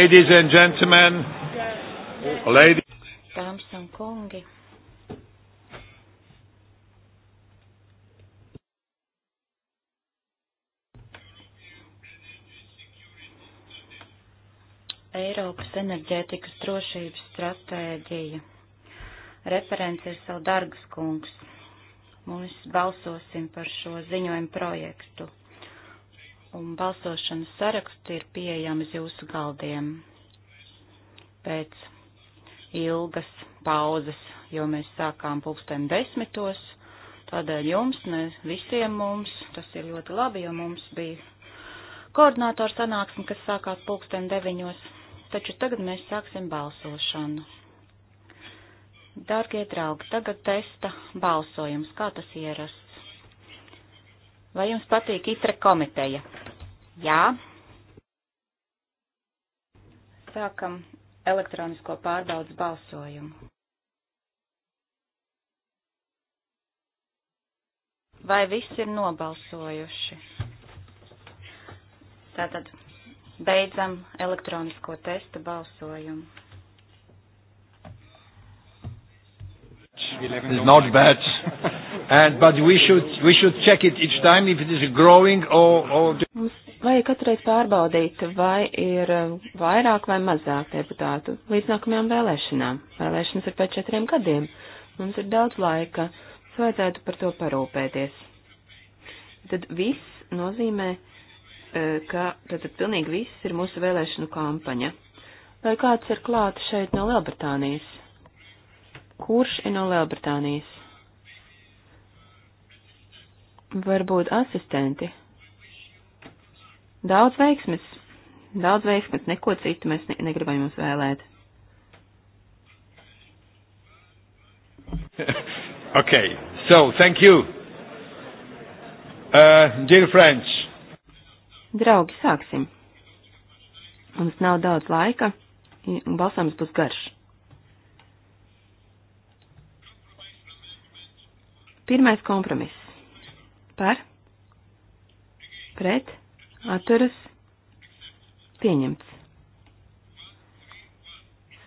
Ladies and gentlemen, ladies. Dāmas un kungi. Eiropas enerģētikas drošības stratēģija. Referents ir savu dargas kungs. Mums balsosim par šo ziņojumu projektu un balsošanas saraksti ir pieejami jūsu galdiem pēc ilgas pauzes, jo mēs sākām pulksten desmitos. Tādēļ jums, ne visiem mums, tas ir ļoti labi, jo mums bija koordinātors sanāksme, kas sākās pulksten deviņos, taču tagad mēs sāksim balsošanu. Dārgie draugi, tagad testa balsojums, kā tas ierasts. Vai jums patīk itra komiteja? Jā. Sākam elektronisko pārbaudas balsojumu. Vai viss ir nobalsojuši? Tātad beidzam elektronisko testa balsojumu. It's not bad. And, but we should, we should check it each time if it is growing or... or... Mums vajag katru reizi pārbaudīt, vai ir vairāk vai mazāk deputātu līdz nākamajām vēlēšanām. Vēlēšanas ir pēc četriem gadiem. Mums ir daudz laika. Mums vajadzētu par to parūpēties. Tad viss nozīmē, e, ka tad pilnīgi viss ir mūsu vēlēšanu kampaņa. Vai kāds ir klāt šeit no Lielbritānijas? Kurš ir no Lielbritānijas? Varbūt asistenti Daudz veiksmes, daudz veiksmes, neko citu mēs ne, negribam jums vēlēt. okay, so thank you. Uh, dear French. Draugi, sāksim. Mums nav daudz laika, un balsojums būs garš. Pirmais kompromiss. Par? Pret? atturas pieņemts.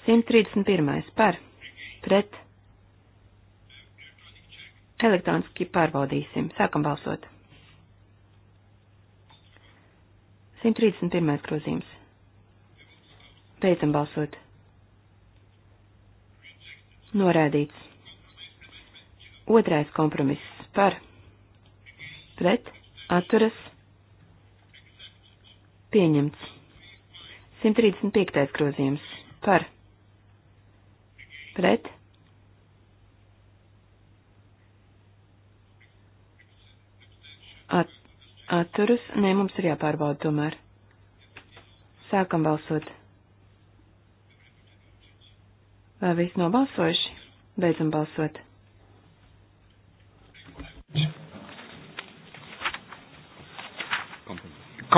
131. par pret elektroniski pārbaudīsim. Sākam balsot. 131. grozījums. Beidzam balsot. Norādīts. Otrais kompromiss par pret atturas Pieņemts. 135. grozījums. Par. Pret. At, atturus. Nē, mums ir jāpārbauda tomēr. Sākam balsot. Vai viss nobalsojuši? Beidzam balsot. Yeah.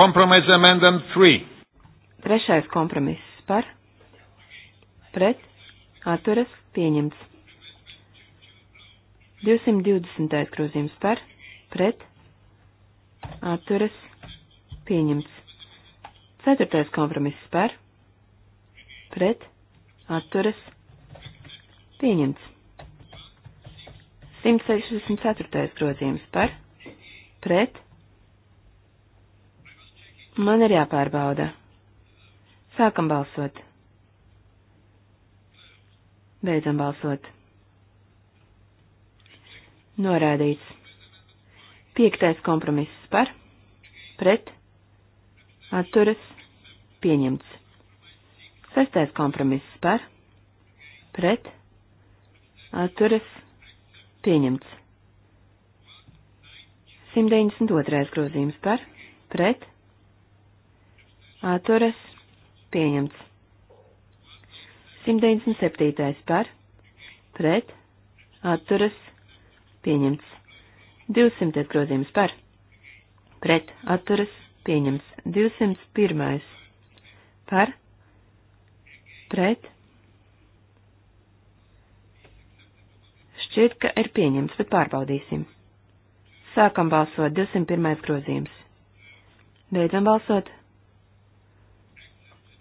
Compromise Amendment 3. Trešais kompromiss par, pret, atturas, pieņemts. 220. grozījums par, pret, atturas, pieņemts. Ceturtais kompromiss par, pret, atturas, pieņemts. 164. grozījums par, pret, Man ir jāpārbauda. Sākam balsot. Beidzam balsot. Norādīts. Piektais kompromiss par, pret, atturas, pieņemts. Sestais kompromiss par, pret, atturas, pieņemts. 192. grozījums par, pret, atturas pieņemts. 197. par, pret, atturas pieņemts. 200. grozījums par, pret, atturas pieņemts. 201. par, pret, šķiet, ka ir pieņemts, bet pārbaudīsim. Sākam balsot 201. grozījums. Beidzam balsot.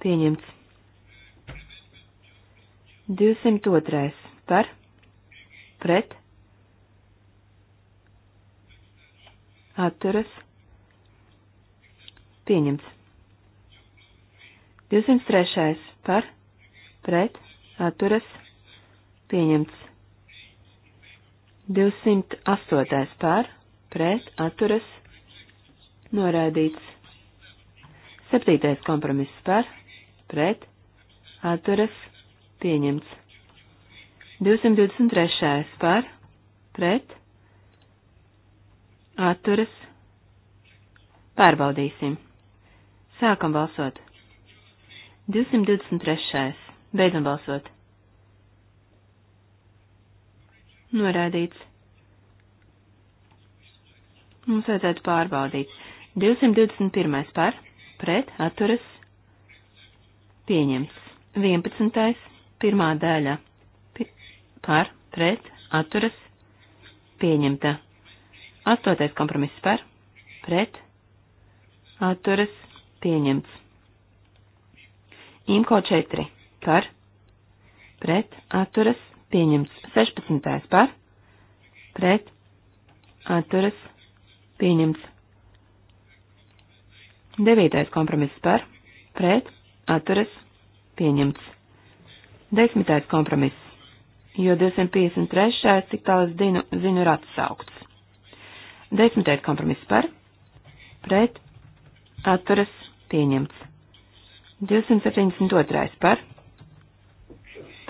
Pieņemts. 202. Par? Pret? Atturas? Pieņemts. 203. Par? Pret? Atturas? Pieņemts. 208. Par? Pret? Atturas? Noraidīts. 7. kompromiss par? pret, atturas, pieņemts. 223. par, pret, atturas, pārbaudīsim. Sākam balsot. 223. Beidzam balsot. Norādīts. Mums vajadzētu pārbaudīt. 221. par, pret, atturas, pieņemts. 11. pirmā daļa par, pret, atturas, pieņemta. 8. kompromiss par, pret, atturas, pieņemts. Imko 4 par, pret, atturas, pieņemts. 16. par, pret, atturas, pieņemts. 9. kompromiss par, pret, atturas pieņemts. Desmitais kompromiss, jo 253. cik tālu es zinu, zinu ir atsaukts. Desmitais kompromiss par, pret, atturas pieņemts. 272. par,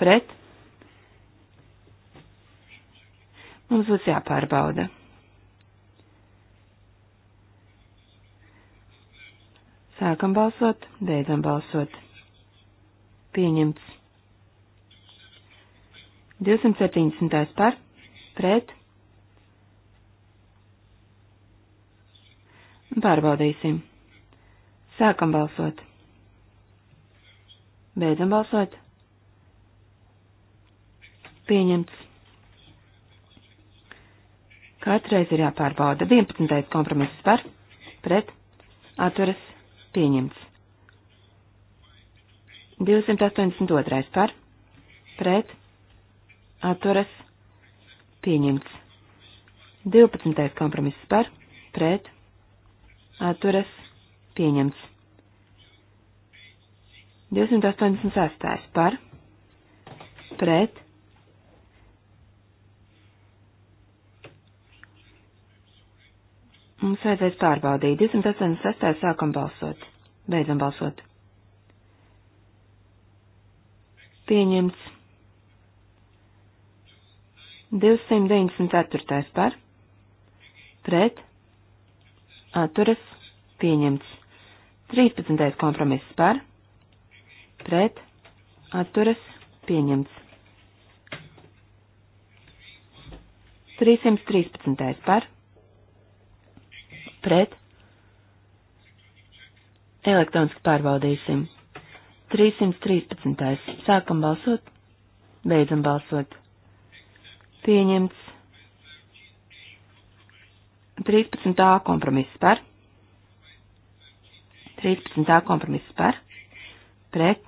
pret, mums būs jāpārbauda. Sākam balsot, beidzam balsot. Pieņemts. 270. par, pret. Pārbaudīsim. Sākam balsot. Beidzam balsot. Pieņemts. Katreiz ir jāpārbauda 11. kompromiss par, pret, atturas, Pieņemts. 282. par, pret, atturas, pieņemts. 12. kompromiss par, pret, atturas, pieņemts. 286. par, pret, Mums vajadzēs pārbaudīt. 286. sākam balsot. Beidzam balsot. Pieņemts. 294. par. Pret. Atturas. Pieņemts. 13. kompromiss par. Pret. Atturas. Pieņemts. 313. par pret, elektroniski pārbaudīsim. 313. Sākam balsot, beidzam balsot. Pieņemts 13. kompromiss par, 13. kompromiss par, pret,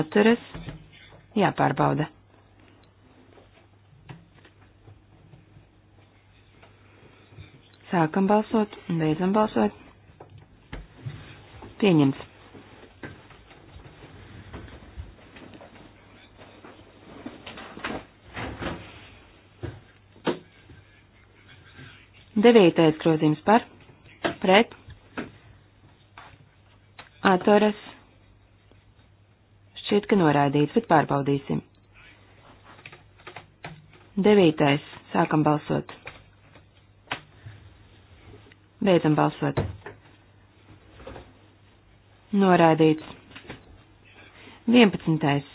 atturas, jāpārbauda. Sākam balsot un beidzam balsot. Pieņemts. Devītais grozījums par, pret, atturas, šķiet, ka noraidīts, bet pārbaudīsim. Devītais, sākam balsot. Beidzam balsot. Noraidīts. 11.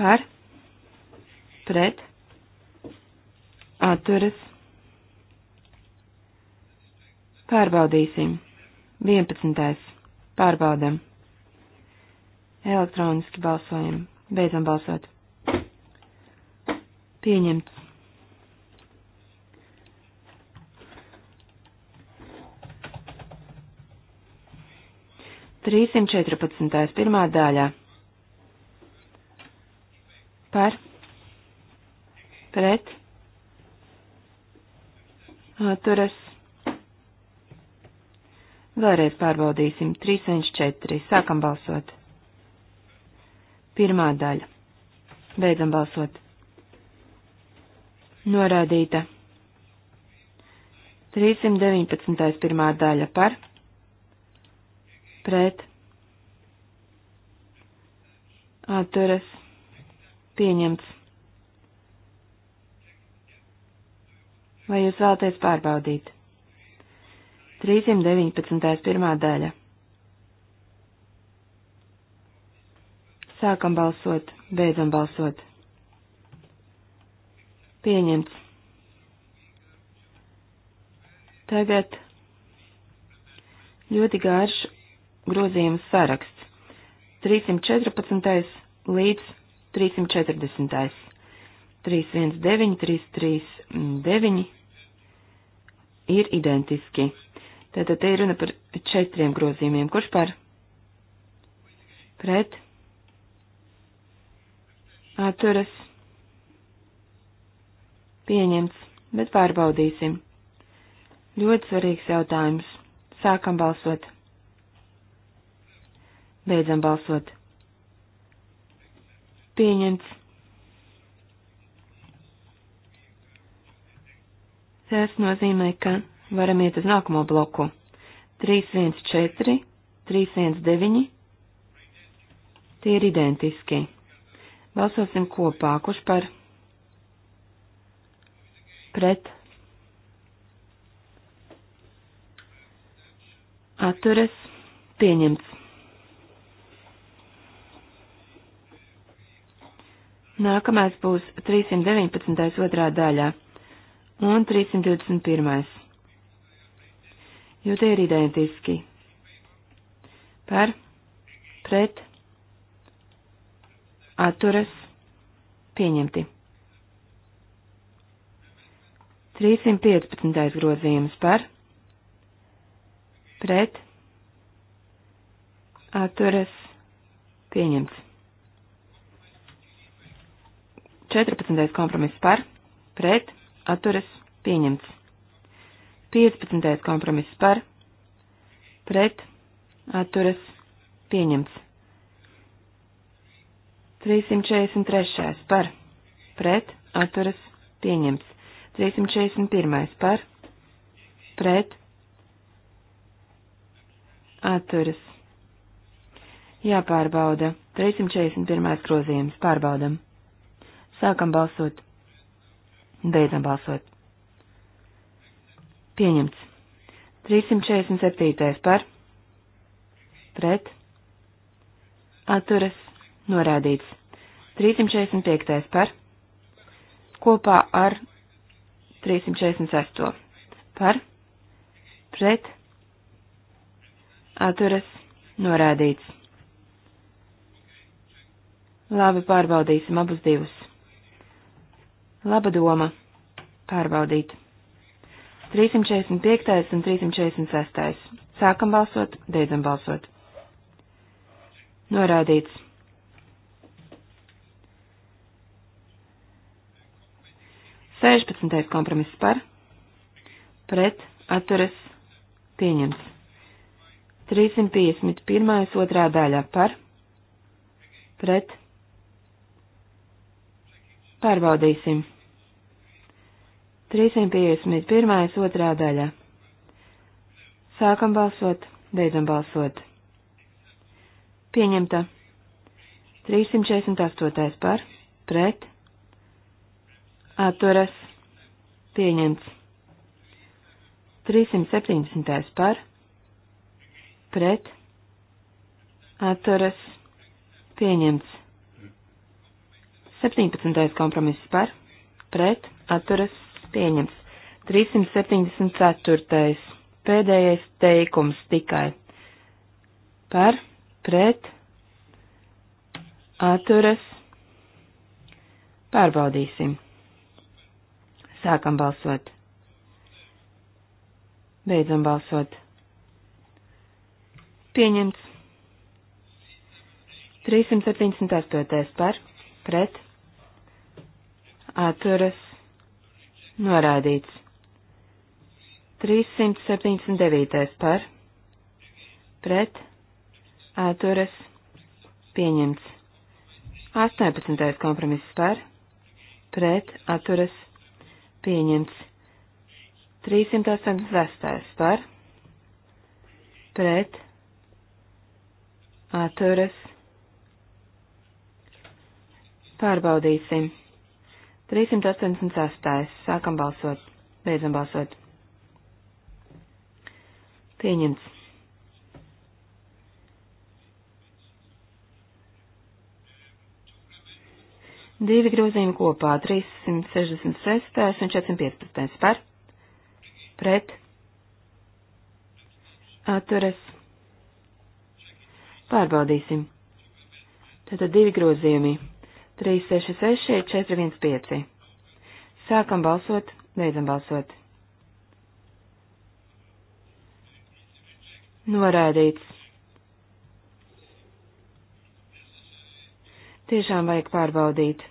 Par. Pret. Atturas. Pārbaudīsim. 11. Pārbaudam. Elektroniski balsojam. Beidzam balsot. Pieņemts. 314. pirmā daļā. Par. Pret. Atturas. Vēlreiz pārbaudīsim. 314. Sākam balsot. Pirmā daļa. Beidzam balsot. Norādīta. 319. pirmā daļa par pret atturas pieņemts. Vai jūs vēlaties pārbaudīt? 319. pirmā daļa. Sākam balsot, beidzam balsot. Pieņemts. Tagad ļoti garš grozījumu saraksts. 314. līdz 340. 319, 339 ir identiski. Tātad te ir runa par četriem grozījumiem. Kurš par? Pret? Atturas? Pieņemts, bet pārbaudīsim. Ļoti svarīgs jautājums. Sākam balsot. Beidzam balsot. Pieņemts. Tas nozīmē, ka varam iet uz nākamo bloku. 314, 319. Tie ir identiski. Balsosim kopā, kurš par pret atturas pieņemts. Nākamais būs 319. otrā daļā un 321. Jo tie ir identiski. Par, pret, atturas, pieņemti. 315. grozījums par, pret, atturas, pieņemts. 14. kompromiss par, pret, atturas, pieņemts. 15. kompromiss par, pret, atturas, pieņemts. 343. par, pret, atturas, pieņemts. 341. par, pret, atturas. Jāpārbauda. 341. grozījums pārbaudam. Sākam balsot. Beidzam balsot. Pieņemts. 347. par. Pret. Atturas. Norādīts. 345. par. Kopā ar 346. par. Pret. Atturas. Norādīts. Labi, pārbaudīsim abus divus. Laba doma. Pārbaudīt. 345. un 346. Sākam balsot, beidzam balsot. Norādīts. Sešpadsmitais kompromiss par, pret, atturas, pieņems. 351. otrā daļa par, pret, Pārbaudīsim. 351. otrā daļa. Sākam balsot, beidzam balsot. Pieņemta. 348. par, pret, atturas, pieņemts. 370. par, pret, atturas, pieņemts. 17. kompromiss par, pret, atturas, pieņems. 374. pēdējais teikums tikai par, pret, atturas, pārbaudīsim. Sākam balsot. Beidzam balsot. Pieņemts. 378. par, pret, atturas norādīts. 379. par pret atturas pieņemts. 18. kompromiss par pret atturas pieņemts. 386. par pret atturas pārbaudīsim. 386. Sākam balsot. Beidzam balsot. Pieņemts. Divi grozījumi kopā - 366. un 415. par, pret, atturas, pārbaudīsim. Tātad divi grozījumi 366, 415. Sākam balsot, beidzam balsot. Norādīts. Tiešām vajag pārbaudīt.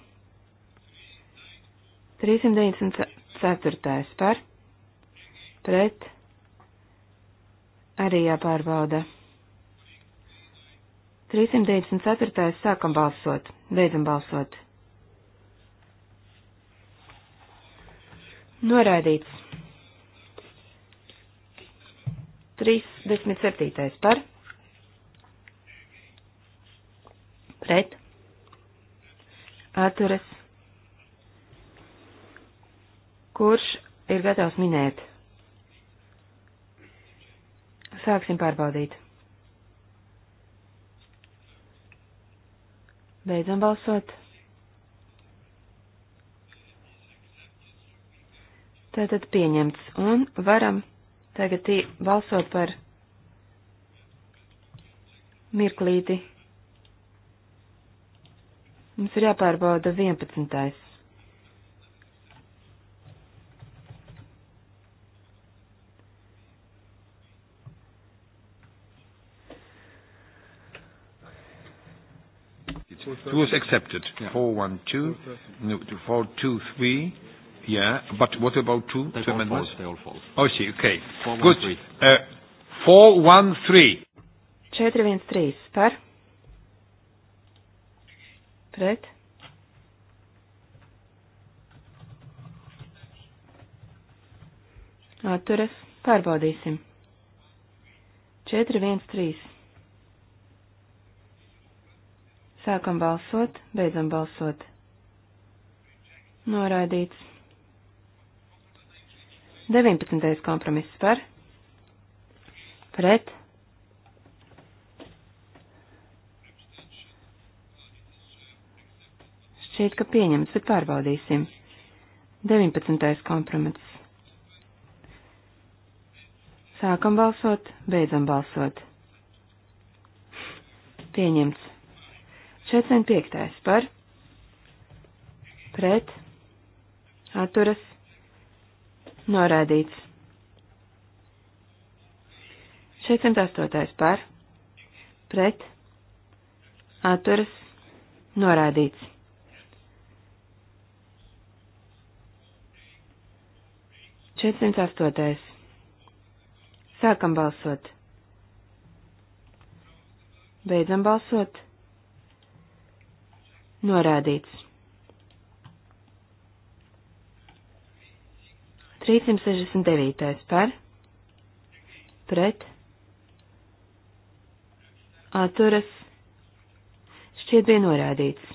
394. par, pret, arī jāpārbauda. 394. sākam balsot, beidzam balsot. Noraidīts. 37. par. Pret. Atturas. Kurš ir gatavs minēt? Sāksim pārbaudīt. Beidzam balsot. Tātad pieņemts. Un varam tagad balsot par mirklīti. Mums ir jāpārbauda 11. It was accepted. Yeah. 412, no, 423. Yeah, but what about two, they two amendments? False, they all false. Oh, I see. Okay. Four, Good. Uh, one, uh, 413. 413 par. Pret. Atturas. Pārbaudīsim. 413. Sākam balsot, beidzam balsot. Noraidīts. 19. kompromiss par. Pret. Šķiet, ka pieņemts, bet pārbaudīsim. 19. kompromiss. Sākam balsot, beidzam balsot. Pieņemts. 405. par pret atturas norādīts. 408. par pret atturas norādīts. Četrsimt astotais. Sākam balsot. Beidzam balsot. Norādīts. 369. par pret atturas šķiet bija norādīts.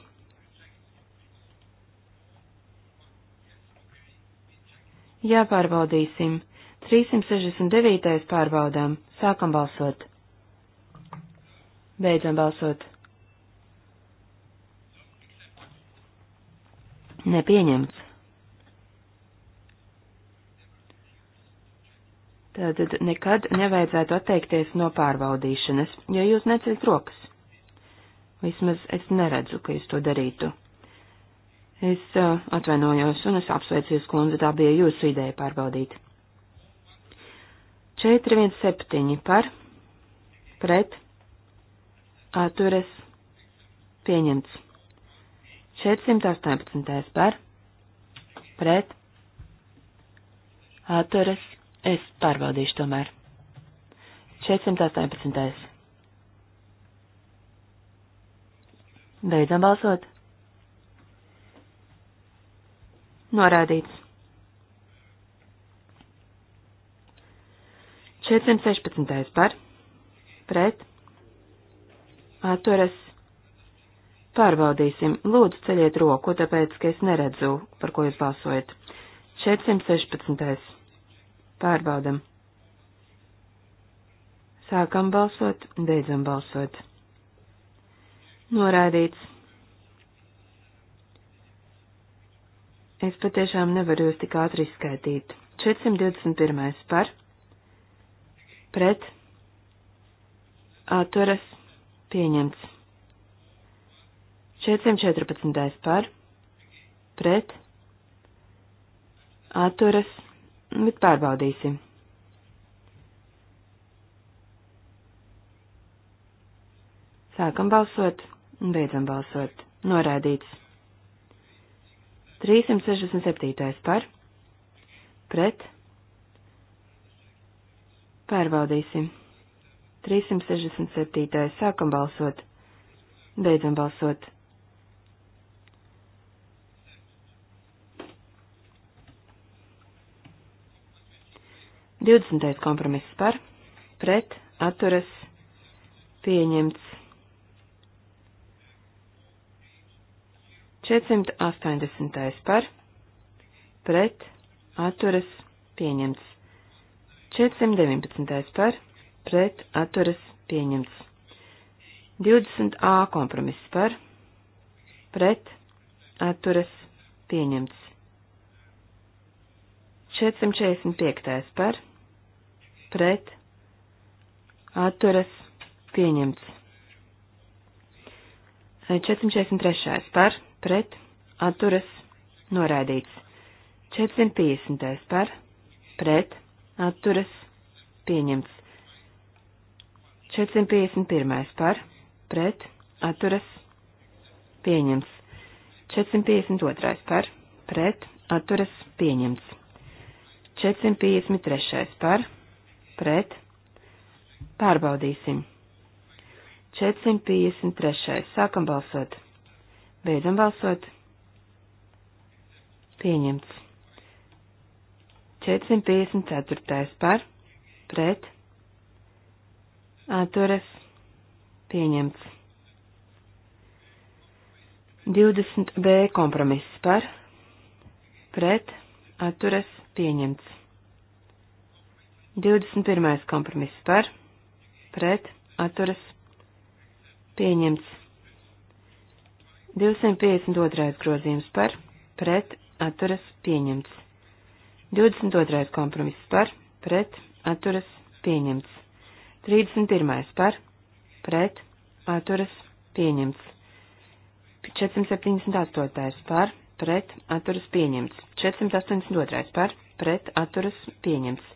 Jāpārbaudīsim. 369. pārbaudām. Sākam balsot. Beidzam balsot. nepieņemts. Tātad nekad nevajadzētu atteikties no pārbaudīšanas, jo jūs neceļat rokas. Vismaz es neredzu, ka jūs to darītu. Es uh, atvainojos un es apsveicu jūs, kundze, tā bija jūsu ideja pārbaudīt. 417 par, pret, atturas, pieņemts. 418. par pret atturas. Es pārbaudīšu tomēr. 418. Beidzam balsot. Norādīts. 416. par pret atturas Pārbaudīsim. Lūdzu, ceļiet roku, tāpēc, ka es neredzu, par ko jūs balsojat. 416. Pārbaudam. Sākam balsot, beidzam balsot. Norādīts. Es patiešām nevaru jūs tik ātri izskaitīt. 421. par, pret, atturas, pieņemts. 414. par, pret, atturas, bet pārbaudīsim. Sākam balsot un beidzam balsot. Noraidīts. 367. par, pret, pārbaudīsim. 367. sākam balsot, beidzam balsot. 20. kompromiss par, pret, atturas, pieņemts. 480. par, pret, atturas, pieņemts. 419. par, pret, atturas, pieņemts. 20a kompromiss par, pret, atturas, pieņemts. 445. par, pret atturas pieņemts. 443. par pret atturas noraidīts. 450. par pret atturas pieņemts. 451. par pret atturas pieņemts. 452. par pret atturas pieņemts. 453. par pret, pārbaudīsim. 453. Sākam balsot. Beidzam balsot. Pieņemts. 454. par, pret, atturas, pieņemts. 20b kompromiss par, pret, atturas, pieņemts. 21. kompromiss par, pret, atturas, pieņemts. 252. grozījums par, pret, atturas, pieņemts. 22. kompromiss par, pret, atturas, pieņemts. 31. par, pret, atturas, pieņemts. 478. par, pret, atturas, pieņemts. 482. par, pret, atturas, pieņemts.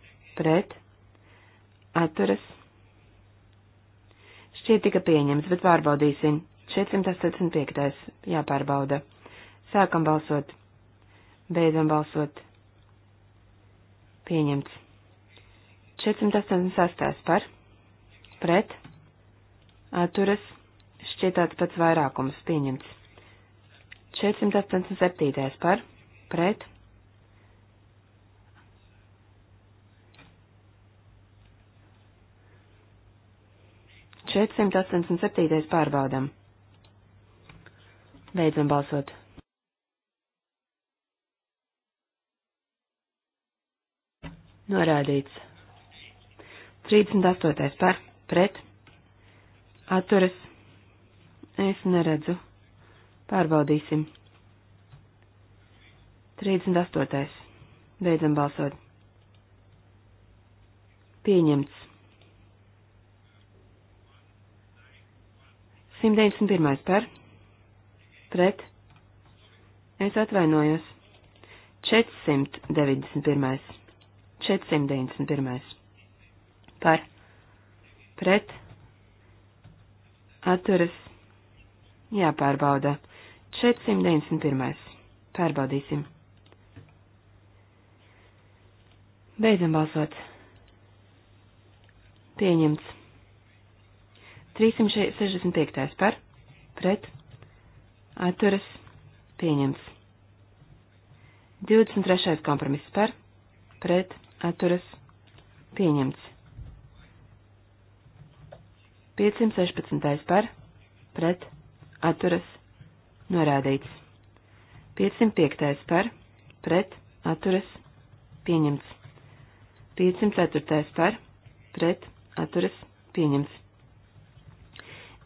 pret, atturas. Šķiet tika pieņemts, bet pārbaudīsim. 475. jāpārbauda. Sākam balsot. Beidzam balsot. Pieņemts. 486. par, pret, atturas, šķiet tāds pats vairākums pieņemts. 487. par, pret, 487. pārbaudam. Beidzam balsot. Norādīts. 38. par, pret, atturas, es neredzu. Pārbaudīsim. 38. Beidzam balsot. Pieņemts. 191. par pret. Es atvainojos. 491. 491. Par pret. Atturas. Jāpārbauda. 491. Pārbaudīsim. Beidzam balsot. Pieņemts. 365. par pret atturas pieņemts. 23. kompromiss par pret atturas pieņemts. 516. par pret atturas norādīts. 505. par pret atturas pieņemts. 504. par pret atturas pieņemts.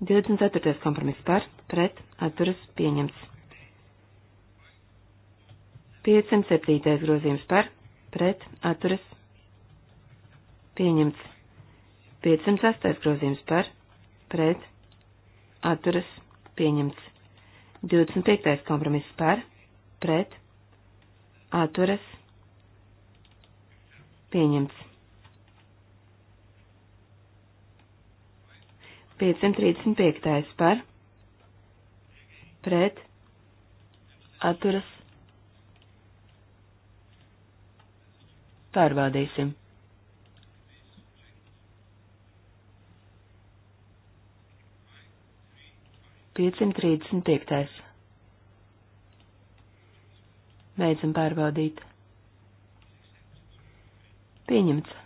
24. kompromiss par, pret, atturas pieņemts. 507. grozījums par, pret, atturas pieņemts. 508. grozījums par, pret, atturas pieņemts. 25. kompromiss par, pret, atturas pieņemts. 535. par pret atturas pārbaudīsim. Piecim trīsdesmit piektais. Beidzam pārbaudīt. Pieņemts.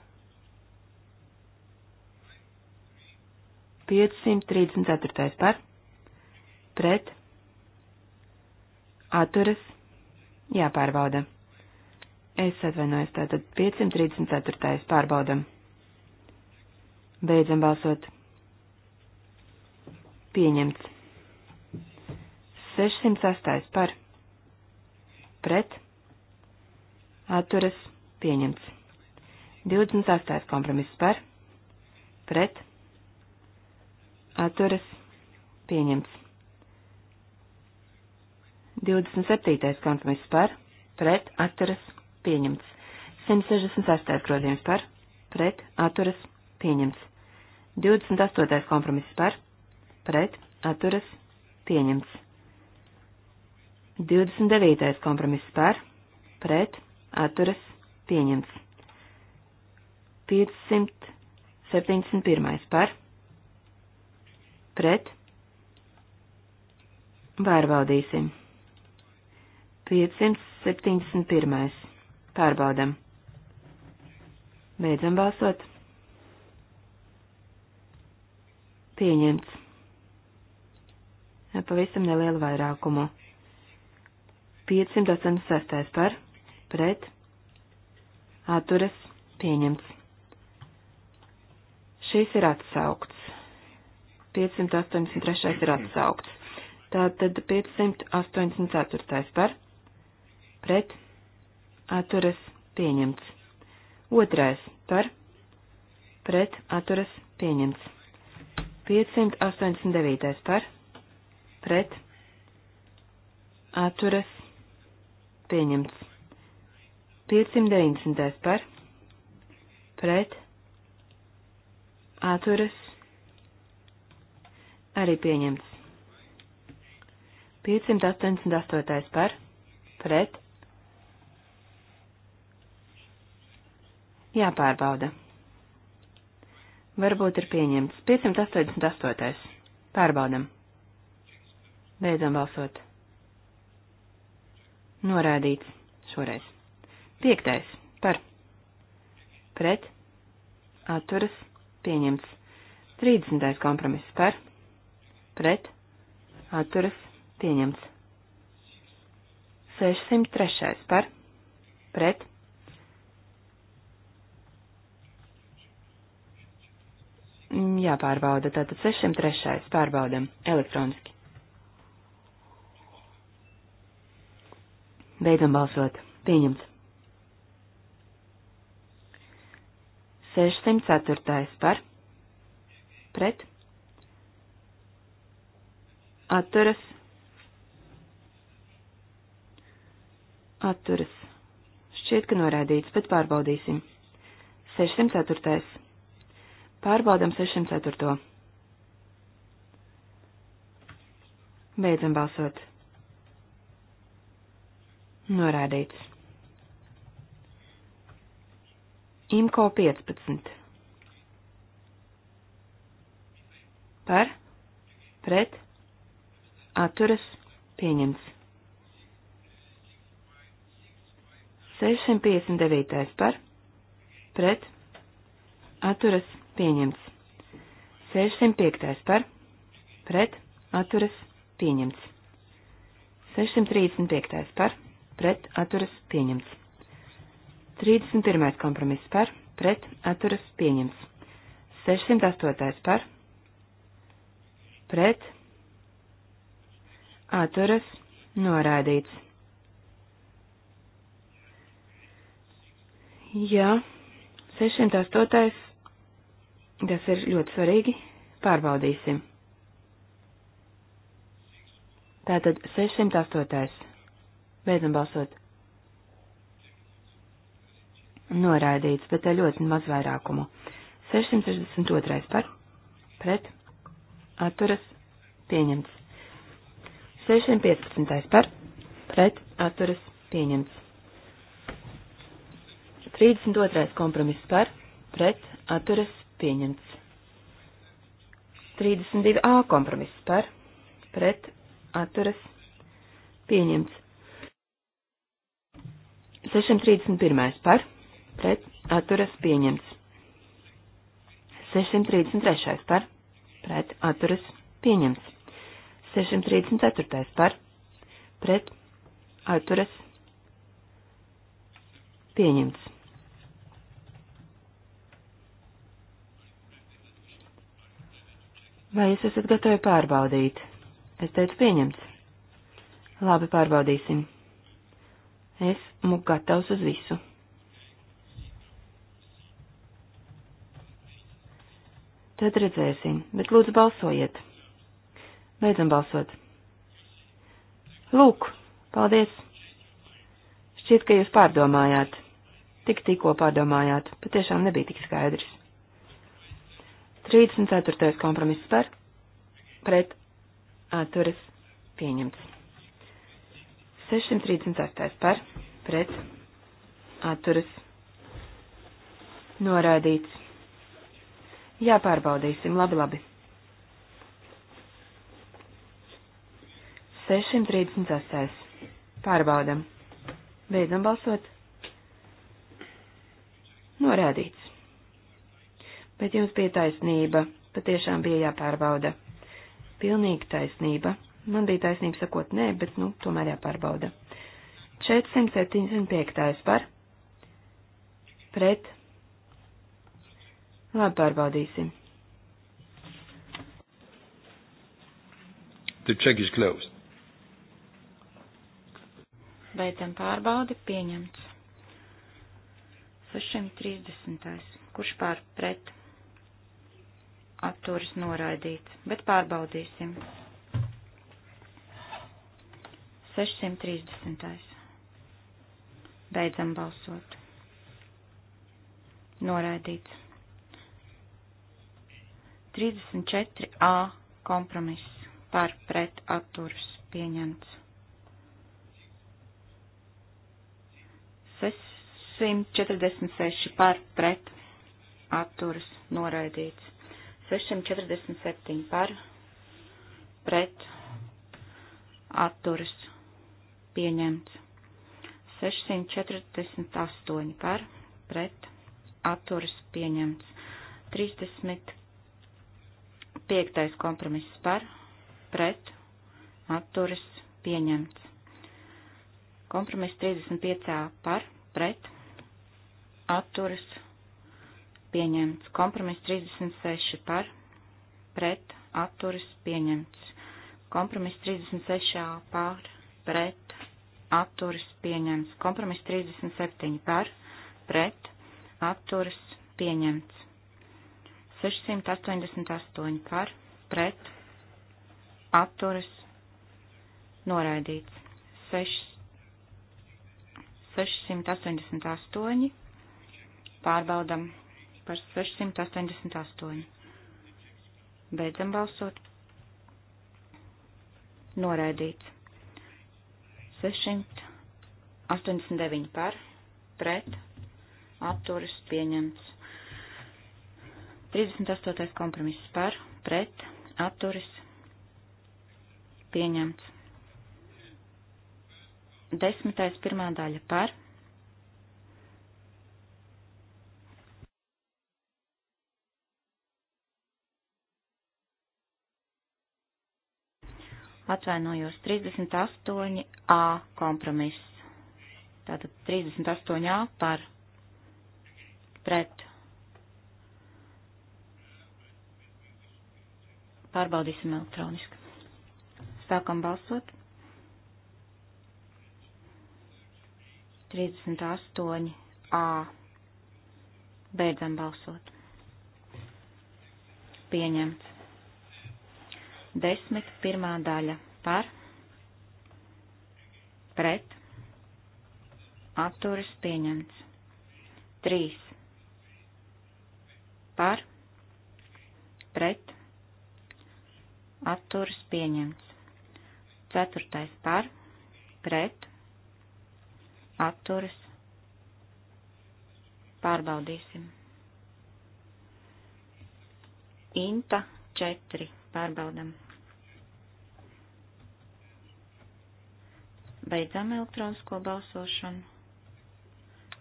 534. par pret atturas jāpārbauda. Es atvainojos, tātad 534. pārbaudam. Beidzam balsot. Pieņemts. 608 par. Pret. Atturas. Pieņemts. 28. kompromiss par. Pret atturas pieņemts. 27. kompromiss par, pret, atturas pieņemts. 168. grozījums par, pret, atturas pieņemts. 28. kompromiss par, pret, atturas pieņemts. 29. kompromiss par, pret, atturas pieņemts. 571. par, pret, pārbaudīsim. 571. Pārbaudam. Beidzam balsot. Pieņemts. Pavisam nelielu vairākumu. 586 par, pret, atturas, pieņemts. Šis ir atsaukts. 583 ir atsaukts. Tātad 584 par pret atturas pieņemts. Otrais par pret atturas pieņemts. 589 par pret atturas pieņemts. 590 par pret atturas arī pieņemts. 588. par, pret, jāpārbauda. Varbūt ir pieņemts. 588. Pārbaudam. Beidzam balsot. Norādīts šoreiz. Piektais par, pret, atturas, pieņemts. 30. kompromiss par, pret, atturas, pieņemts. 603. par, pret, mm, jāpārbauda, tātad 603. pārbaudam elektroniski. Beidzam balsot. Pieņemts. 604. par, pret, atturas, atturas. Šķiet, ka norādīts, bet pārbaudīsim. 604. Pārbaudam 604. Beidzam balsot. Norādīts. Imko 15. Par? Pret? atturas pieņemts. 659. par pret atturas pieņemts. 605. par pret atturas pieņemts. 635. par pret atturas pieņemts. 31. kompromiss par pret atturas pieņemts. 608. par pret atturas norādīts. Jā, 608. Tas ir ļoti svarīgi. Pārbaudīsim. Tātad 608. Beidzam balsot. Norādīts, bet ar ļoti maz vairākumu. 662. par, pret, atturas, pieņemts. 615. par pret atturas pieņemts. 32. kompromiss par pret atturas pieņemts. 32a kompromiss par pret atturas pieņemts. 631. par pret atturas pieņemts. 633. par pret atturas pieņemts. 634. par pret atturas pieņemts. Vai jūs esat gatavi pārbaudīt? Es teicu pieņemts. Labi, pārbaudīsim. Esmu gatavs uz visu. Tad redzēsim, bet lūdzu balsojiet. Beidzam balsot. Lūk, paldies. Šķiet, ka jūs pārdomājāt. Tik tikko pārdomājāt. Patiešām nebija tik skaidrs. 34. kompromiss par. Pret. Atturas. Pieņemts. 638. par. Pret. Atturas. Norādīts. Jā, pārbaudīsim. Labi, labi. 636. Pārbaudam. Beidzam balsot. Norādīts. Bet jums bija taisnība. Patiešām bija jāpārbauda. Pilnīgi taisnība. Man bija taisnība sakot nē, bet, nu, tomēr jāpārbauda. 475. par. Pret. Labi, pārbaudīsim. The check is closed. Beidzam pārbaudi. Pieņemts. 630. Kurš pār pret? Atturis noraidīts, bet pārbaudīsim. 630. Beidzam balsot. Noraidīts. 34a kompromiss par pret atturus pieņemts. 646 par pret atturas noraidīts. 647 par pret atturas pieņemts. 648 par pret atturas pieņemts. 35. kompromiss par pret atturas pieņemts. Kompromiss 35. par, pret, atturas, pieņemts. Kompromiss 36. par, pret, atturas, pieņemts. Kompromiss 36. par, pret, atturas, pieņemts. Kompromiss 37. par, pret, atturas, pieņemts. 688 par, pret, atturas, noraidīts. 6 688. Pārbaudam par 688. Beidzam balsot. Noraidīts. 689 par, pret, atturis pieņemts. 38. kompromiss par, pret, atturis pieņemts. Desmitais pirmā daļa par. Atvainojos 38a kompromiss. Tātad 38a par pret. Pārbaudīsim elektroniski. Sākam balsot. 38 A. Beidzam balsot. Pieņemts. Desmit pirmā daļa par, pret, apturis pieņemts. Trīs par, pret, apturis pieņemts. Ceturtais par, pret, atturas, pārbaudīsim. Inta 4, pārbaudam. Beidzam elektronisko balsošanu.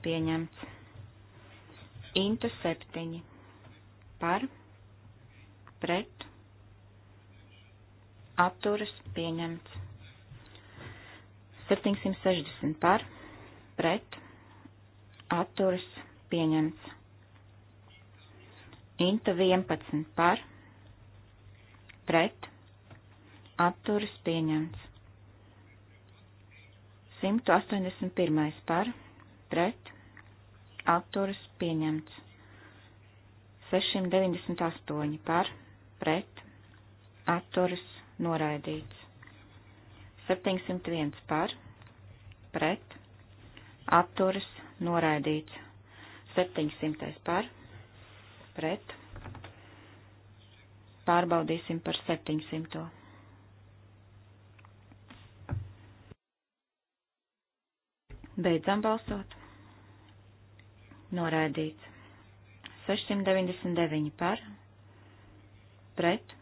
Pieņemts. Inta 7, par, pret, atturas, pieņemts. 760 par, pret, atturas pieņemts. Inta 11 par, pret, atturas pieņemts. 181 par, pret, atturas pieņemts. 698 par, pret, atturas noraidīts. 701 par, pret, atturas noraidīts. 700 par, pret. Pārbaudīsim par 700. Beidzam balsot. Noraidīts. 699 par, pret,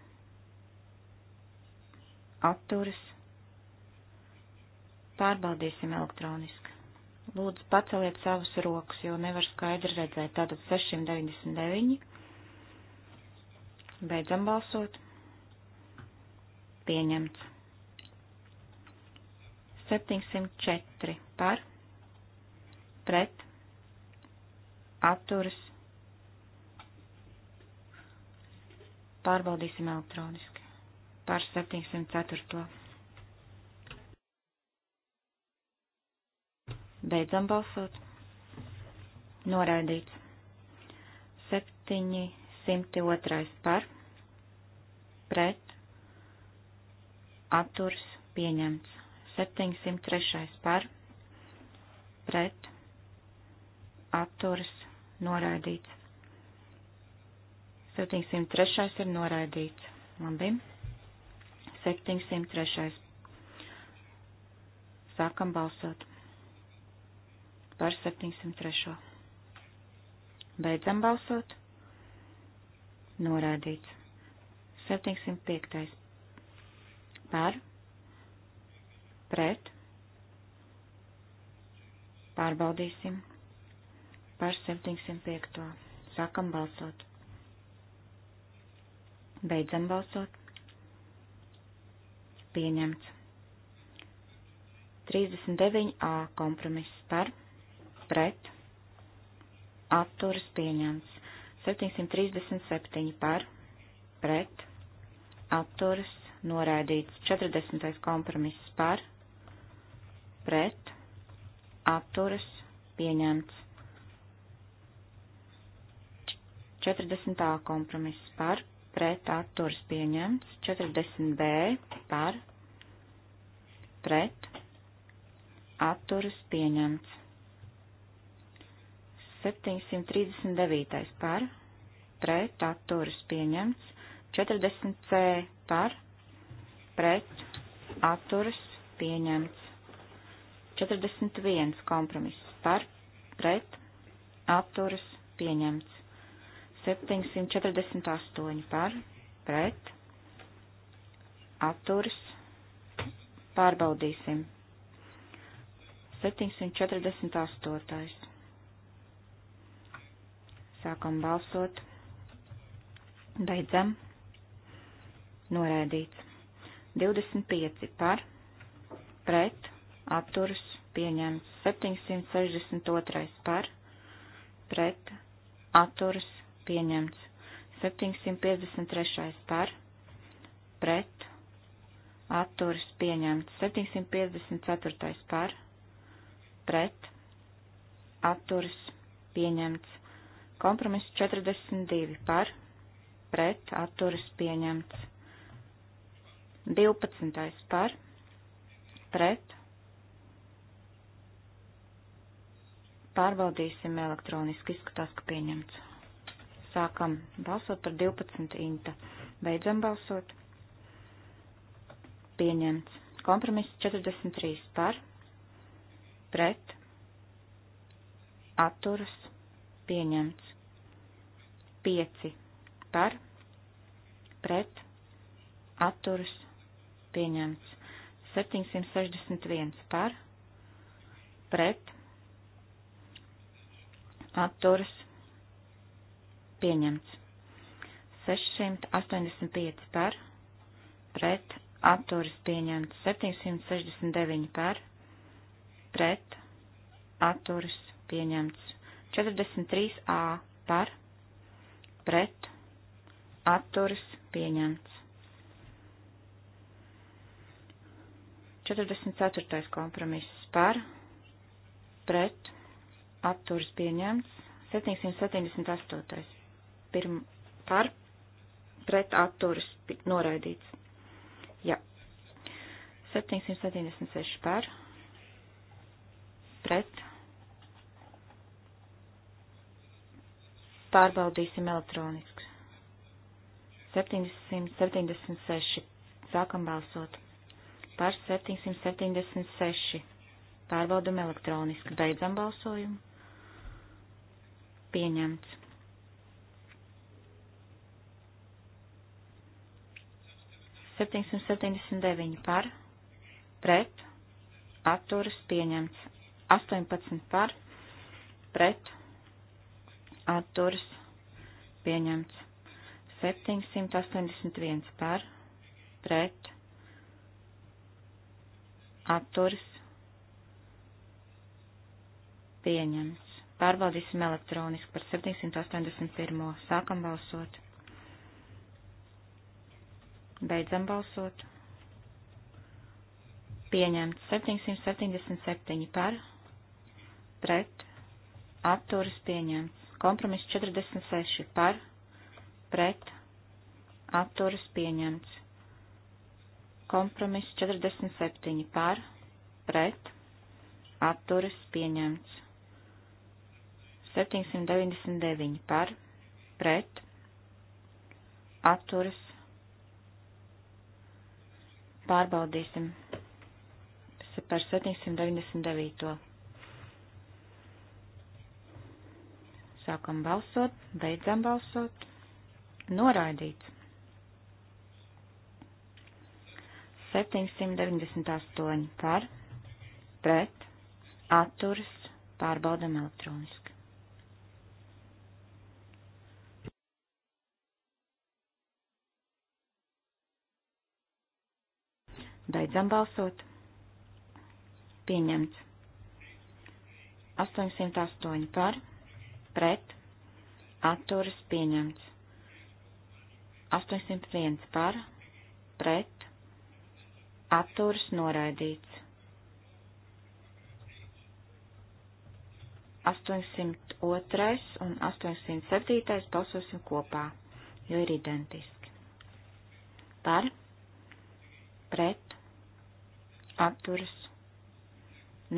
atturas. Pārbaudīsim elektroniski lūdzu paceliet savus rokas, jo nevar skaidri redzēt. Tātad 699. Beidzam balsot. Pieņemts. 704 par, pret, atturas. Pārbaudīsim elektroniski. Par 704. Beidzam balsot. Noraidīts. 702 par, pret, atturs pieņemts. 703 par, pret, atturs noraidīts. 703 ir noraidīts. Labi. 703. Sākam balsot par 703. Beidzam balsot. Norādīts. 705. Par. Pret. Pārbaudīsim. Par 705. Sākam balsot. Beidzam balsot. Pieņemts. 39a kompromiss par pret, atturas pieņemts. 737 par, pret, atturas, noraidīts 40. kompromiss par, pret, atturas, pieņemts. 40. kompromiss par, pret, atturas, pieņemts. 40b par, pret, atturas, pieņemts. 739. par, pret, atturas pieņemts, 40C par, pret, atturas pieņemts, 41 kompromiss par, pret, atturas pieņemts, 748 par, pret, atturas pārbaudīsim. 748. Sākam balsot. Beidzam. Noraidīts. 25 par, pret, atturas, pieņemts. 762 par, pret, atturas, pieņemts. 753 par, pret, atturas, pieņemts. 754 par, pret, atturas, pieņemts. Kompromiss 42 par, pret, atturas pieņemts. 12. par, pret. Pārbaudīsim elektroniski, izskatās, ka pieņemts. Sākam balsot par 12 inta. Beidzam balsot. Pieņemts. Kompromiss 43 par, pret, atturas, pieņemts. 5 par, pret, atturas, pieņemts. 761 par, pret, atturas, pieņemts. 685 par, pret, atturas, pieņemts. 769 par, pret, atturas, pieņemts. 43a par, pret pret, atturas, pieņemts. 44. kompromiss par, pret, atturas, pieņemts. 778. Pirm, par, pret, atturas, noraidīts. Jā. 776 par, pret, pārbaudīsim elektroniski. 776. Sākam balsot. Par 776. Pārbaudam elektroniski. Beidzam balsojumu. Pieņemts. Septiņsimt septiņdesmit deviņi par, pret, atturas pieņemts, astoņpadsmit par, pret, atturs pieņemts. 781 par, pret, atturs pieņemts. Pārbaudīsim elektroniski par 781. Sākam balsot. Beidzam balsot. Pieņemts 777 par, pret, atturs pieņemts. Kompromiss 46 par, pret, atturas pieņemts. Kompromiss 47 par, pret, atturas pieņemts. 799 par, pret, atturas. Pārbaudīsim par 799. Sākam balsot, beidzam balsot. Noraidīts. 798 par, pret, atturas, pārbaudam elektroniski. Beidzam balsot. Pieņemts. 808 par, pret, atturas pieņemts. 801 par, pret, atturas noraidīts. 802 un 807 balsosim kopā, jo ir identiski. Par, pret, atturas,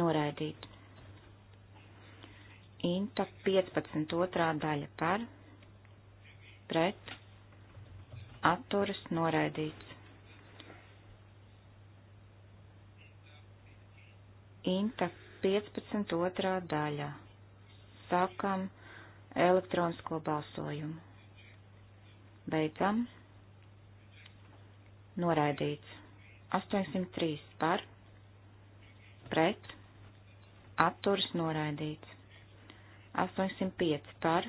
noraidīt. Inta 15. otrā daļa par, pret, atturas noraidīts. Inta 15. otrā daļa. Sākam elektronisko balsojumu. Beidzam. Noraidīts. 803 par, pret, atturas noraidīts. 805 par,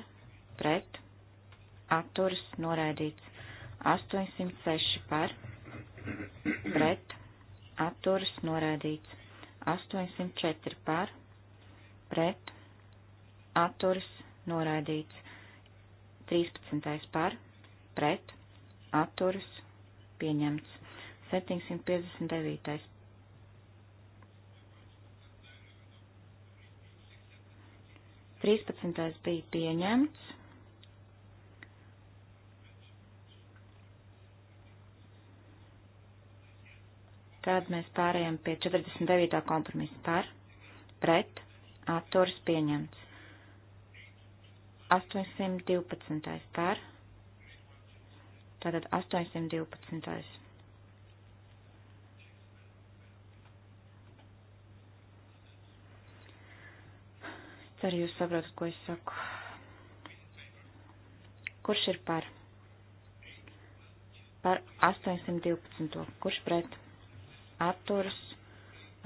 pret, atturas noraidīts. 806 par, pret, atturas noraidīts. 804 par, pret, atturas noraidīts. 13 par, pret, atturas pieņemts. 759 13. bija pieņemts. Tad mēs pārējām pie 49. kompromisa par, pret, atturs pieņemts. 812. par, tātad 812. Ceru, jūs saprotat, ko es saku. Kurš ir par? Par 812. Kurš pret? Atturas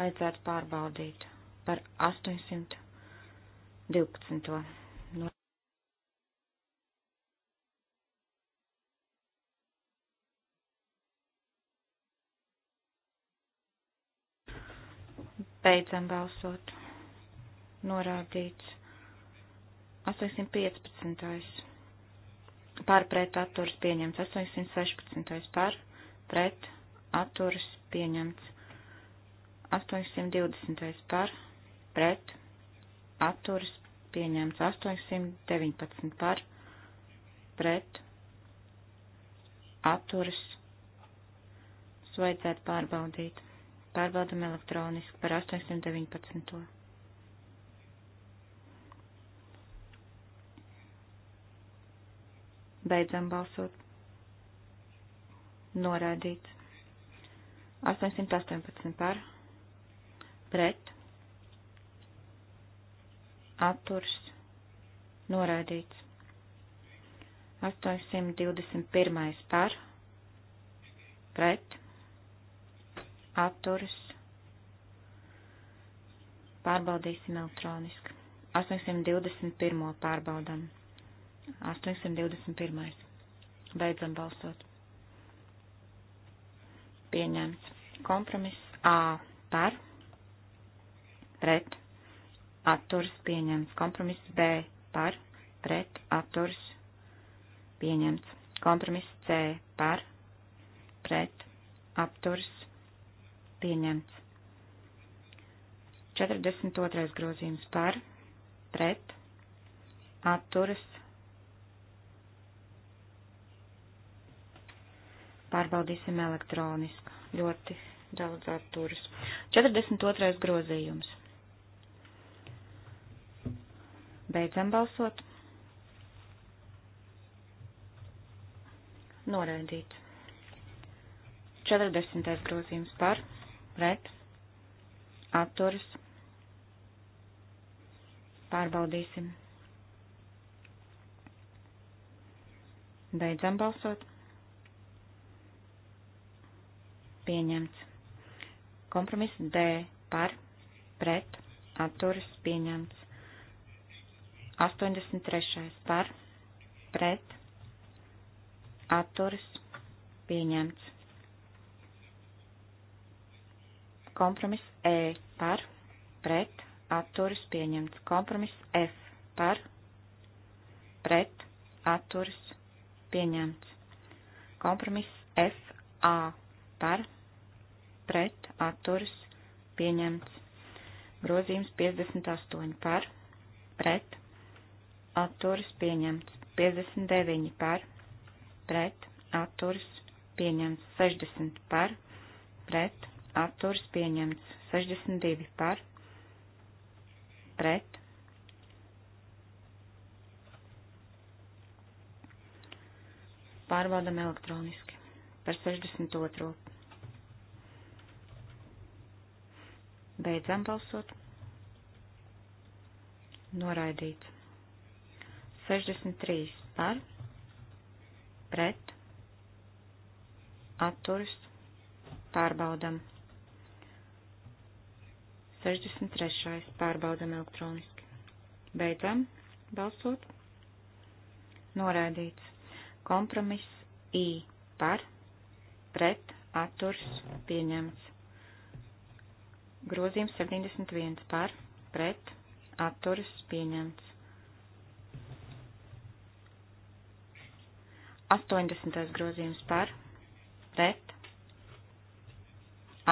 vajadzētu pārbaudīt. Par 812. No nu. Beidzam balsot norādīts. 815. par pret atturas pieņemts. 816. par pret atturas pieņemts. 820. par pret atturas pieņemts. 819. par pret atturas vajadzētu pārbaudīt. Pārbaudam elektroniski par 819. Beidzam balsot. Norādīts. 818 par. Pret. Atturs. Norādīts. 821 par. Pret. Atturs. Pārbaudīsim elektroniski. 821 pārbaudam. 821. Beidzam balsot. Pieņemts. Kompromiss A par, pret, atturs pieņemts. Kompromiss B par, pret, atturs pieņemts. Kompromiss C par, pret, atturs pieņemts. 42. grozījums par, pret, atturas pieņemts Pārbaudīsim elektroniski. Ļoti daudz atturas. 42. grozījums. Beidzam balsot. Noraidīts. 40. grozījums par, pret, atturas. Pārbaudīsim. Beidzam balsot. pieņemts. Kompromiss D par, pret, atturas pieņemts. 83. par, pret, atturas pieņemts. Kompromiss E par, pret, atturas pieņemts. Kompromiss F par, pret, atturas pieņemts. Kompromiss FA par, pret atturas pieņemts. Grozījums 58 par pret atturas pieņemts. 59 par pret atturas pieņemts. 60 par pret atturas pieņemts. 62 par pret pārbaudam elektroniski par 62. Beidzam balsot. Noraidīts. 63 par, pret, atturis, pārbaudam. 63. pārbaudam elektroniski. Beidzam balsot. Noraidīts. Kompromiss I par, pret, atturs, pieņemts. Grozījums 71 par, pret, atturas pieņemts. 80. grozījums par, pret,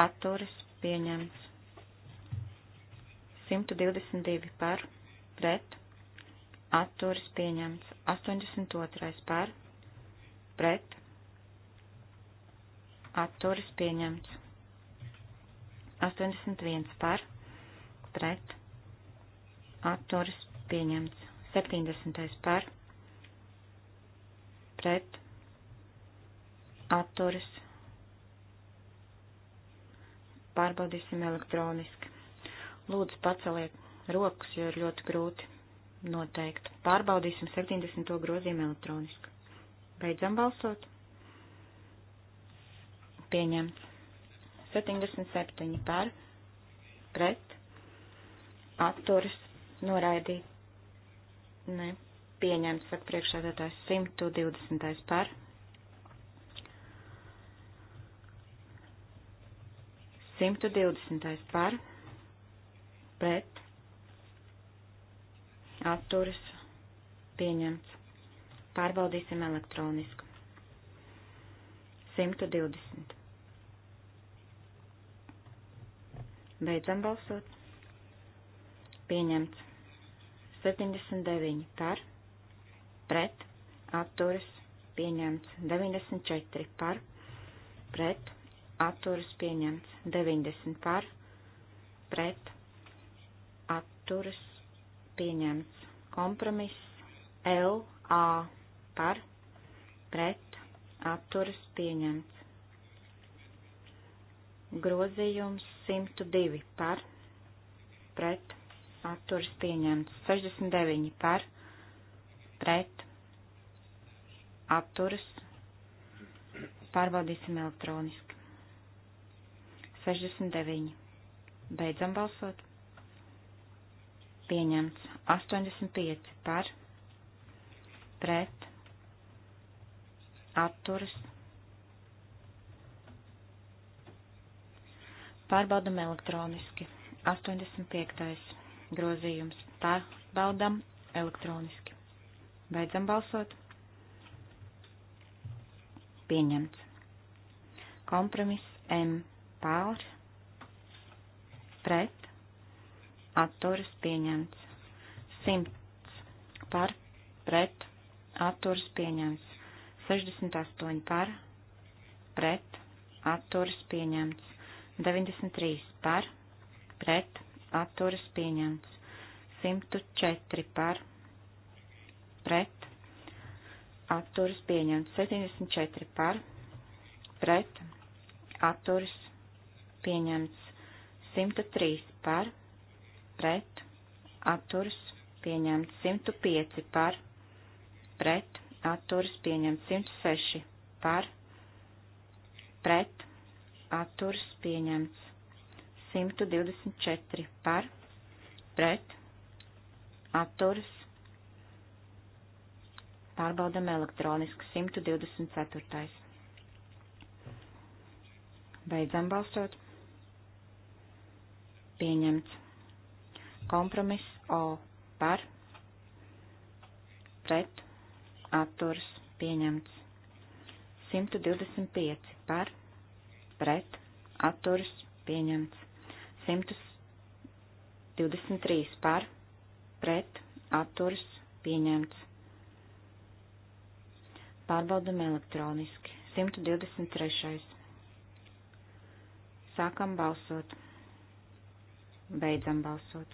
atturas pieņemts. 122 par, pret, atturas pieņemts. 82. par, pret, atturas pieņemts. 81 par, pret, atturas pieņemts. 70 par, pret, atturas. Pārbaudīsim elektroniski. Lūdzu, paceliet rokas, jo ir ļoti grūti noteikt. Pārbaudīsim 70. grozījumu elektroniski. Beidzam balsot. Pieņemts. 77 par, pret, atturas, noraidīt, ne, pieņemts, saka priekšādātājs 120 par, Simtu divdesmitais par, pret, atturas, pieņemts. Pārbaudīsim elektronisku. 120. Beidzam balsot. Pieņemts. 79 par, pret, atturas, pieņemts. 94 par, pret, atturas, pieņemts. 90 par, pret, atturas, pieņemts. Kompromiss LA par, pret, atturas, pieņemts. Grozījums 102 par, pret, atturas pieņemts. 69 par, pret, atturas. Pārbaudīsim elektroniski. 69. Beidzam balsot. Pieņemts. 85 par, pret, atturas Pārbaudam elektroniski. 85. grozījums. Pārbaudam elektroniski. Beidzam balsot. Pieņemts. Kompromiss M pār, pret, atturas pieņemts. 100 par, pret, atturas pieņemts. 68 par, pret, atturas pieņemts. 93 par, pret, atturas pieņemts. 104 par, pret, atturas pieņemts. 74 par, pret, atturas pieņemts. 103 par, pret, atturas pieņemts. 105 par, pret, atturas pieņemts. 106 par, pret, atturs pieņemts. 124 par, pret, atturs. Pārbaudam elektroniski 124. Beidzam balsot. Pieņemts. Kompromiss O par, pret, atturs pieņemts. 125 par, pret pret, atturas, pieņemts. 123 par, pret, atturas, pieņemts. Pārbaudam elektroniski. 123. Sākam balsot. Beidzam balsot.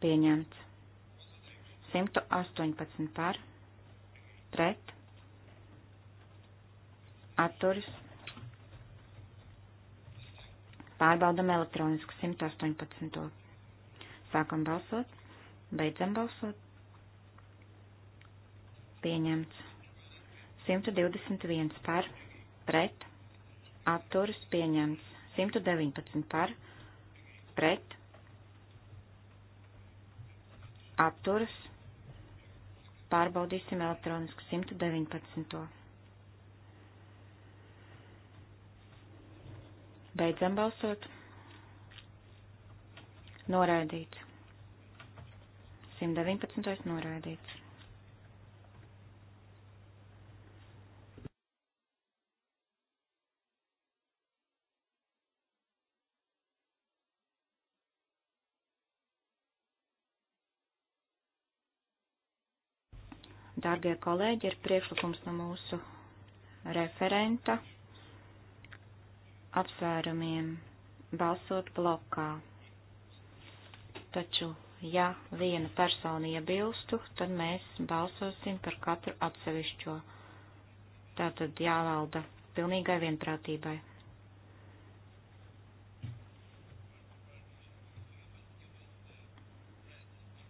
Pieņemts. 118 par, pret, atturas, Pārbaudam elektronisku 118. Sākam balsot, beidzam balsot. Pieņemts. 121 par, pret, atturas pieņemts. 119 par, pret, atturas. Pārbaudīsim elektronisku 119. Beidzam balsot. Noraidīts. 119. noraidīts. Dārgie kolēģi, ir priekšlikums no mūsu referenta apsvērumiem balsot blokā. Taču, ja viena persona iebilstu, tad mēs balsosim par katru atsevišķo. Tātad jāvalda pilnīgai vienprātībai.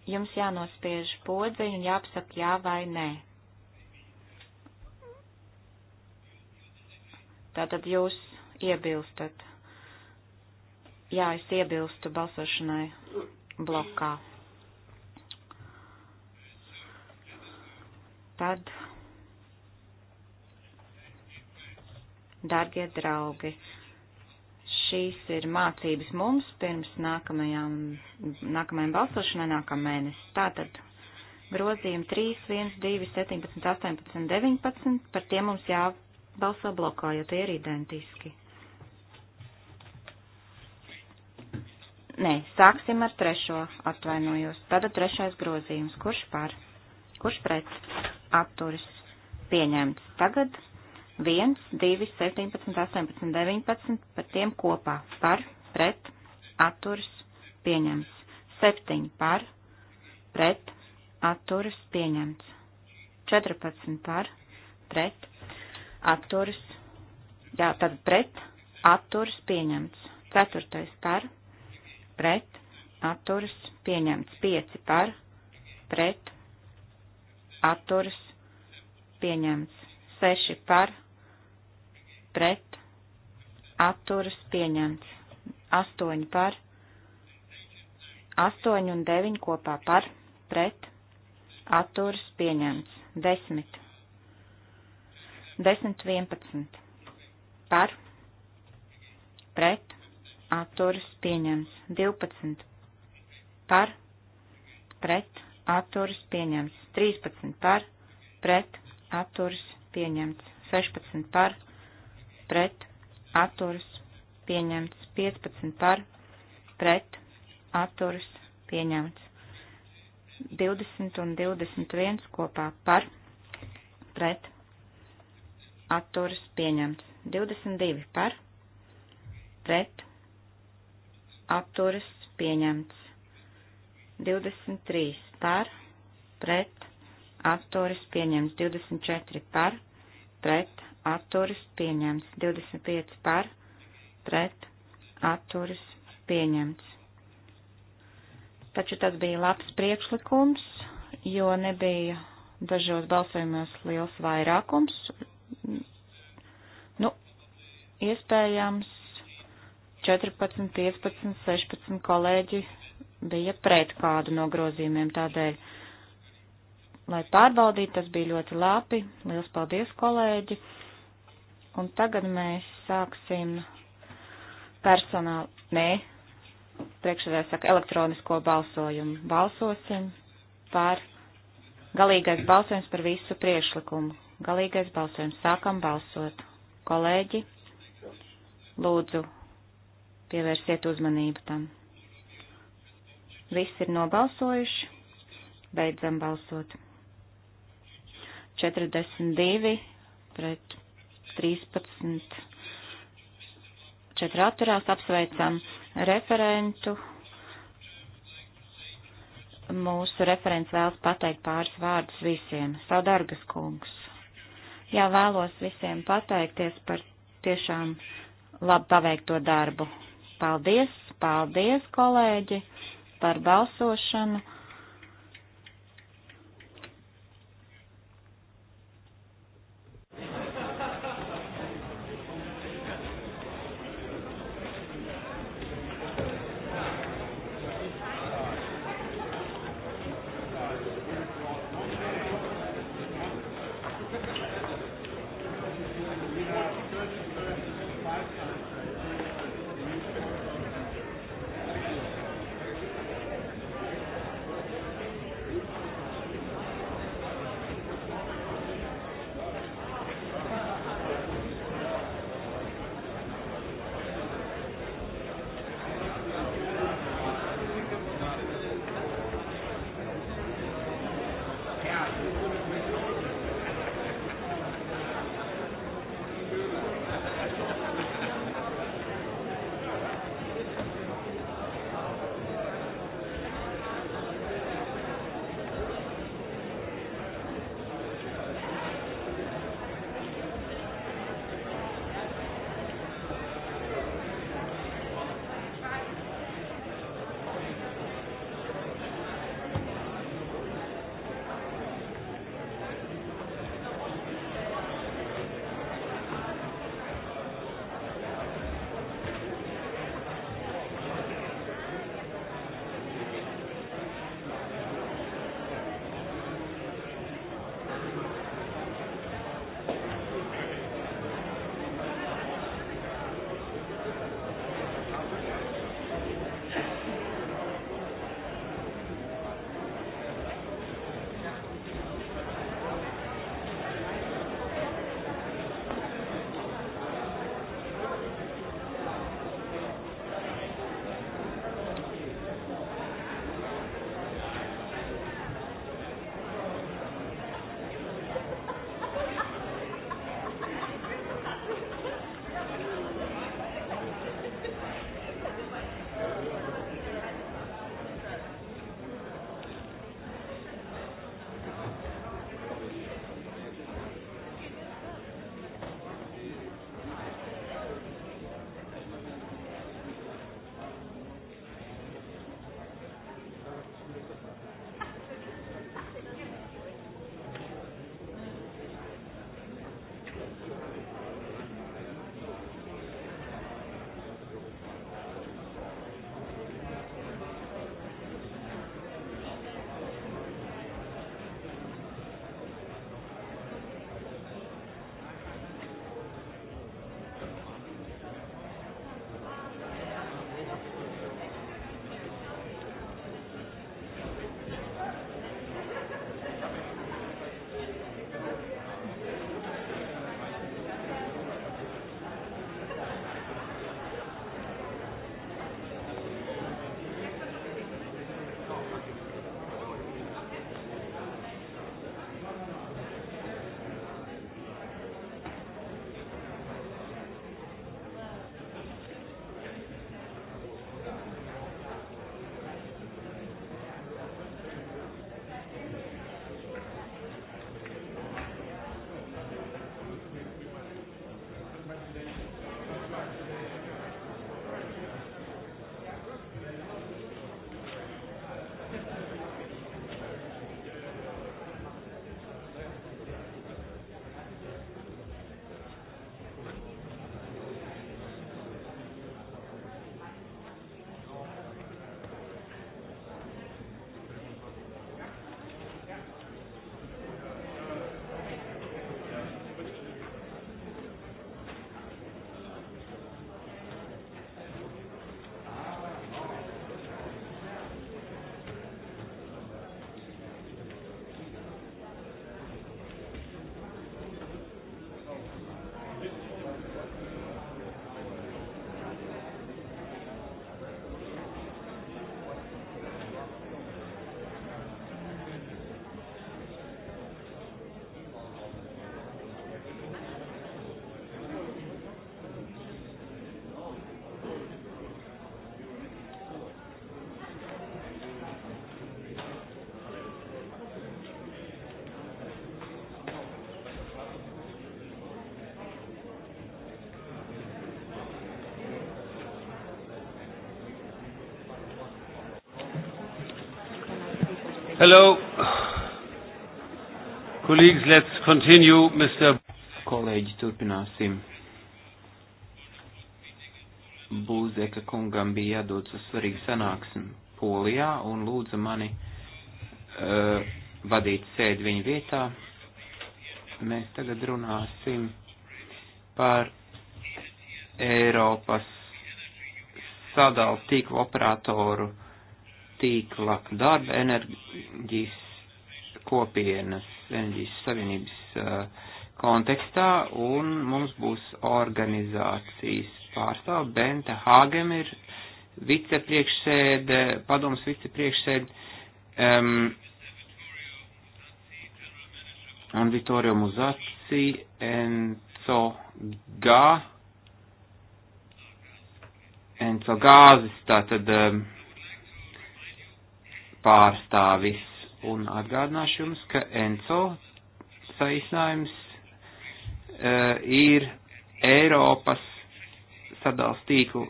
Jums jānospiež podziņu un jāapsaka jā vai nē. Tātad jūs iebilstat? Jā, es iebilstu balsošanai blokā. Tad, darbie draugi, šīs ir mācības mums pirms nākamajām, nākamajām balsošanai nākamēnes. Tātad grozījumi 3, 1, 2, 17, 18, 19, par tiem mums jābalso blokā, jo tie ir identiski. Nē, sāksim ar trešo, atvainojos. Tātad trešais grozījums. Kurš par? Kurš pret? Atturis. Pieņemts. Tagad 1, 2, 17, 18, 19 par tiem kopā. Par, pret, atturis, pieņemts. 7 par, pret, atturis, pieņemts. 14 par, pret, atturis, jā, tad pret, atturis, pieņemts. 4 par, pret, atturas, pieņemts 5 par, pret, atturas, pieņemts 6 par, pret, atturas, pieņemts 8 par, 8 un 9 kopā par, pret, atturas, pieņemts 10, 10, 11 par, pret, atturas pieņems. 12 par, pret, atturas pieņems. 13 par, pret, atturas pieņemts. 16 par, pret, atturas pieņemts. 15 par, pret, atturas pieņemts. 20 un 21 kopā par, pret, atturas pieņemts. 22 par, pret, atturas pieņemts apturas pieņemts. 23 par, pret, apturas pieņemts. 24 par, pret, apturas pieņemts. 25 par, pret, apturas pieņemts. Taču tas bija labs priekšlikums, jo nebija dažos balsojumos liels vairākums. Nu, iespējams, 14, 15, 16 kolēģi bija pret kādu no grozījumiem tādēļ. Lai pārbaudītu, tas bija ļoti labi. Liels paldies, kolēģi! Un tagad mēs sāksim personālu, nē, priekšredā saka elektronisko balsojumu. Balsosim par galīgais balsojums par visu priekšlikumu. Galīgais balsojums. Sākam balsot. Kolēģi, lūdzu, Pievērsiet uzmanību tam. Viss ir nobalsojuši. Beidzam balsot. 42 pret 13. 4 atturās apsveicam referentu. Mūsu referents vēlas pateikt pāris vārdus visiem. Savu dargas kungs. Jā, vēlos visiem pateikties par tiešām labi paveikto darbu. Paldies, paldies, kolēģi, par balsošanu. Hello. Colleagues, let's continue, Mr. Kolēģi, turpināsim. Būzeka kungam bija jādodas uz svarīgu sanāksmi Polijā un lūdza mani uh, vadīt sēdi viņa vietā. Mēs tagad runāsim par Eiropas sadalu tīklu operatoru uh, tīkla darba, enerģijas kopienas, enerģijas savienības uh, kontekstā, un mums būs organizācijas pārstāv. Bente Hāgem ir vicepriekšsēde, padoms vicepriekšsēde, um, un Vittorio Muzaci, Enzo Gā, Enzo Gāzis, tātad. Um, pārstāvis. Un atgādināšu jums, ka ENCO saīsinājums uh, ir Eiropas sadals tīklu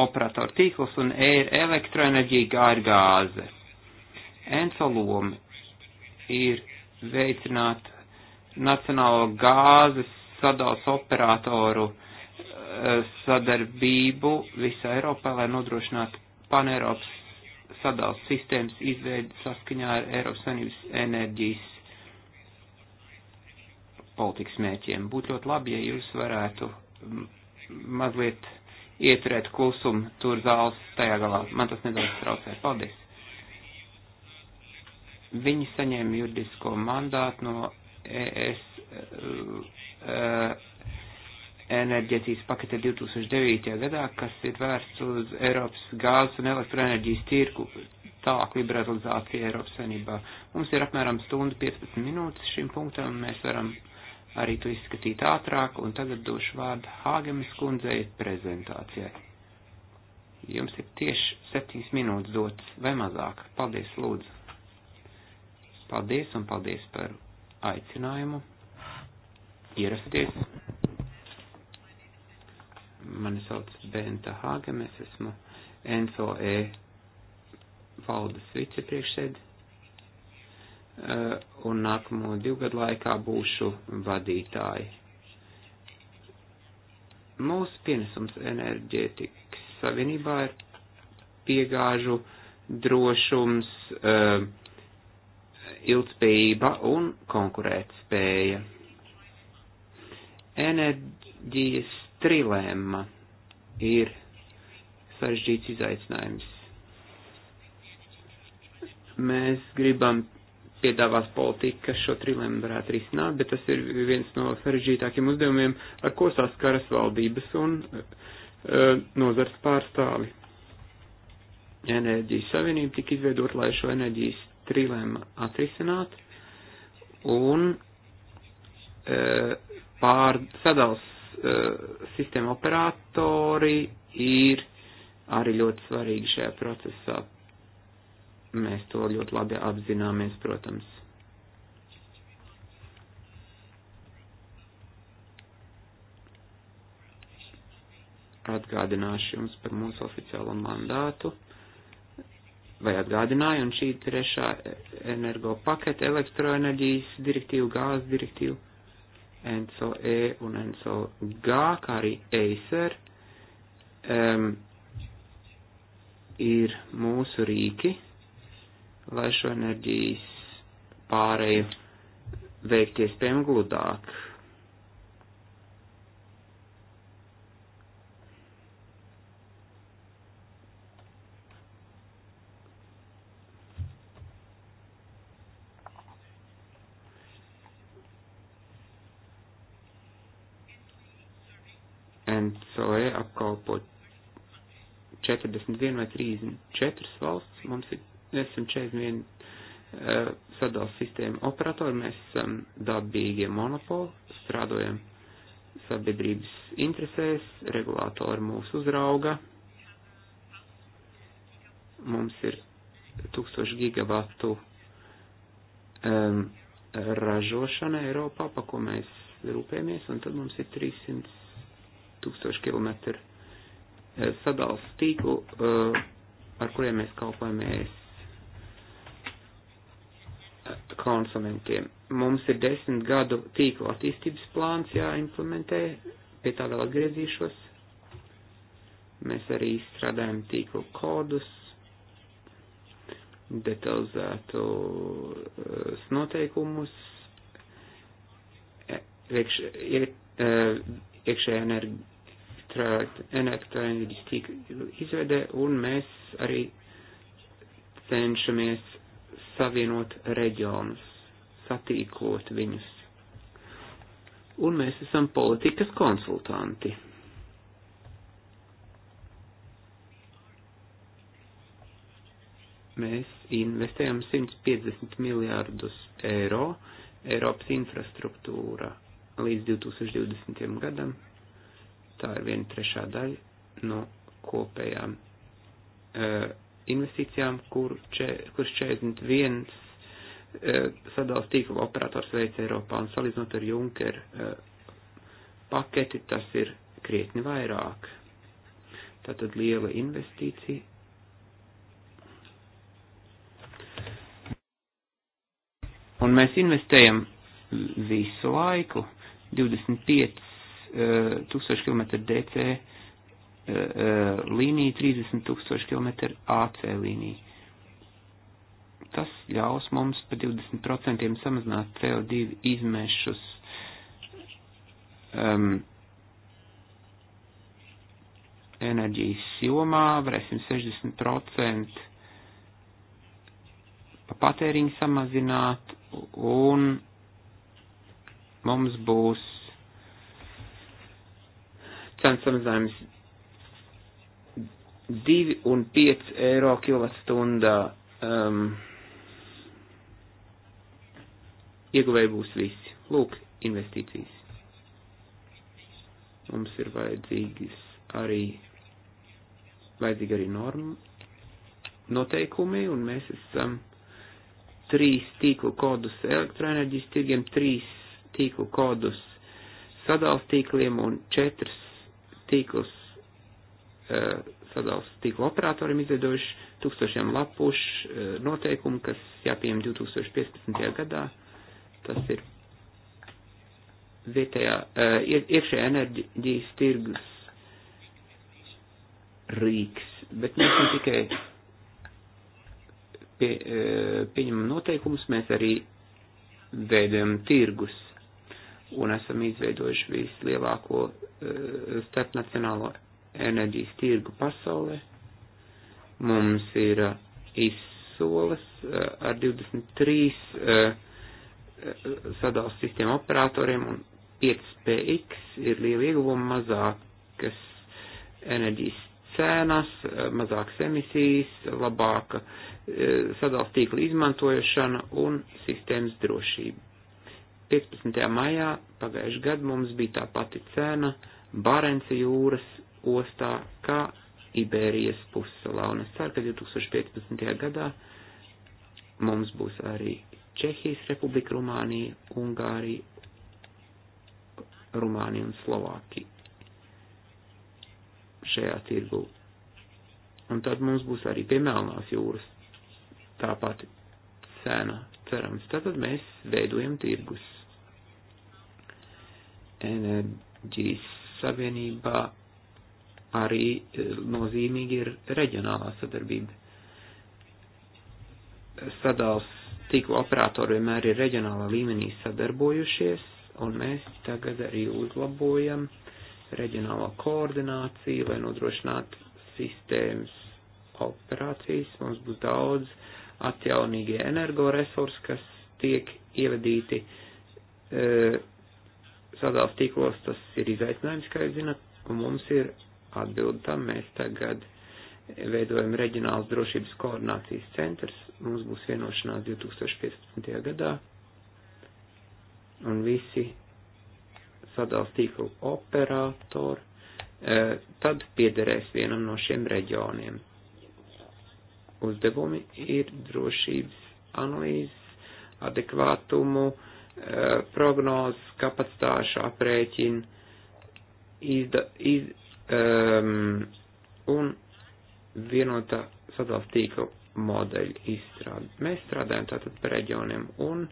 operatoru tīkls un ir e, elektroenerģija gārgāze. ENCO loma ir veicināt nacionālo gāzes sadals operatoru e, sadarbību visā Eiropā, lai nodrošinātu paneiropas sadals sistēmas izveidi saskaņā ar Eiropas Savienības enerģijas politikas mērķiem. Būtu ļoti labi, ja jūs varētu mazliet ieturēt klusumu tur zāles tajā galā. Man tas nedaudz traucē. Paldies. Viņi saņēma juridisko mandātu no ES. Uh, uh, enerģētīs pakete 2009. gadā, kas ir vērsts uz Eiropas gāzes un elektroenerģijas tirku tālāk liberalizācija Eiropas saimnībā. Mums ir apmēram stunda 15 minūtes šim punktam, mēs varam arī to izskatīt ātrāk, un tagad došu vārdu Hāgemes kundzei prezentācijai. Jums ir tieši 7 minūtes dotas vai mazāk. Paldies, lūdzu. Paldies un paldies par aicinājumu. Ierasties. Mani sauc Benta Hāgem, es esmu NSOE valdes vicepriekšsēdi. Eh, un nākamo divu gadu laikā būšu vadītāji. Mūsu pienesums enerģētikas savienībā ir piegāžu drošums, eh, ilgspējība un konkurētspēja. Enerģijas trilēma ir sarežģīts izaicinājums. Mēs gribam piedāvās politika, kas šo trilēmu varētu risināt, bet tas ir viens no sarežģītākiem uzdevumiem, ar ko saskaras valdības un e, nozars pārstāvi. Enerģijas savienība tika izveidot, lai šo enerģijas trilēmu atrisināt un e, pārsadals Eh, sistēma operatori ir arī ļoti svarīgi šajā procesā. Mēs to ļoti labi apzināmies, protams. Atgādināšu jums par mūsu oficiālo mandātu, vai atgādināju, un šī trešā energo paketa elektroenerģijas direktīva, gāzes direktīva ENSO E un ENSO G, kā arī Acer, um, ir mūsu rīki, lai šo enerģijas pārēju veikties piem gludāk. 41 vai 34 valsts, mums ir 141 uh, sadals sistēma operatori, mēs esam dabīgie monopoli, strādājam sabiedrības interesēs, regulātori mūs uzrauga, mums ir 1000 gigavatu um, ražošana Eiropā, pa ko mēs rūpējamies, un tad mums ir 300 tūkstoši kilometru Eh, sadals tīklu, eh, ar kuriem mēs kalpojam ES eh, konsumентiem. Mums ir desmit gadu tīklu attīstības plāns jāimplementē, pie tā vēl atgriezīšos. Mēs arī strādājam tīklu kodus, detalizētus noteikumus, iekš, iekšējā enerģija enerģijas tīkla izvedē, un mēs arī cenšamies savienot reģionus, satīklot viņus. Un mēs esam politikas konsultanti. Mēs investējam 150 miljārdus eiro Eiropas infrastruktūra līdz 2020. gadam, tā ir viena trešā daļa no kopējām uh, investīcijām, kur če, kurš 41 uh, e, sadalas tīkla operators veic Eiropā un salīdzinot ar Junker uh, paketi, tas ir krietni vairāk. Tātad liela investīcija. Un mēs investējam visu laiku 25 1000 km DC līnija, 30 tūkstoši km AC līnija. Tas ļaus mums pa 20% samazināt CO2 izmešus. Um, enerģijas jomā varēsim 60% pa patēriņu samazināt un mums būs cenu samazinājums 2 un 5 eiro kilovatstundā. Um, ieguvēji būs visi. Lūk, investīcijas. Mums ir vajadzīgas arī, vajadzīgi arī norma noteikumi, un mēs esam trīs tīklu kodus elektroenerģijas tirgiem, trīs tīklu kodus sadalstīkliem un četras tīklus eh, sadalās tīklu operatoriem izveidojuši tūkstošiem lapušu eh, noteikumu, kas jāpieņem 2015. gadā. Tas ir vietējā, eh, iekšējā enerģijas tirgus rīks, bet mēs ne tikai pie, pieņemam noteikumus, mēs arī veidojam tirgus un esam izveidojuši vislielāko eh, starpnacionālo enerģijas tirgu pasaulē. Mums ir eh, izsoles eh, ar 23 sadalas sistēmu operatoriem un 5PX ir liela ieguvuma mazākas enerģijas cenas, mazākas emisijas, labāka sadalstīkla izmantošana un sistēmas drošība. 15. maijā pagājuši gadu mums bija tā pati cena Barenci jūras ostā kā Iberijas pussalā, un es ceru, ka 2015. gadā mums būs arī Čehijas republika, Rumānija, Ungārija, Rumānija un Slovākija šajā tirgu. Un tad mums būs arī pie Melnās jūras tā pati cena, cerams. Tātad mēs veidojam tirgus enerģijas savienībā arī e, nozīmīgi ir reģionālā sadarbība. Sadals tīklu operatori vienmēr ir reģionālā līmenī sadarbojušies, un mēs tagad arī uzlabojam reģionālo koordināciju, lai nodrošinātu sistēmas operācijas. Mums būs daudz atjaunīgie energoresursi, kas tiek ievadīti. Uh, sadalās tīklos, tas ir izaicinājums, kā jūs zinat, un mums ir atbildi tam. Mēs tagad veidojam reģionāls drošības koordinācijas centrs, mums būs vienošanās 2015. gadā, un visi sadalās tīklu operātori, e, tad piederēs vienam no šiem reģioniem. Uzdevumi ir drošības analīzes, adekvātumu, uh, Eh, prognoz, kapacitāšu aprēķinu izda, iz, um, un vienotā sadalās tīkla modeļa izstrādi. Mēs strādājam tātad par reģioniem un,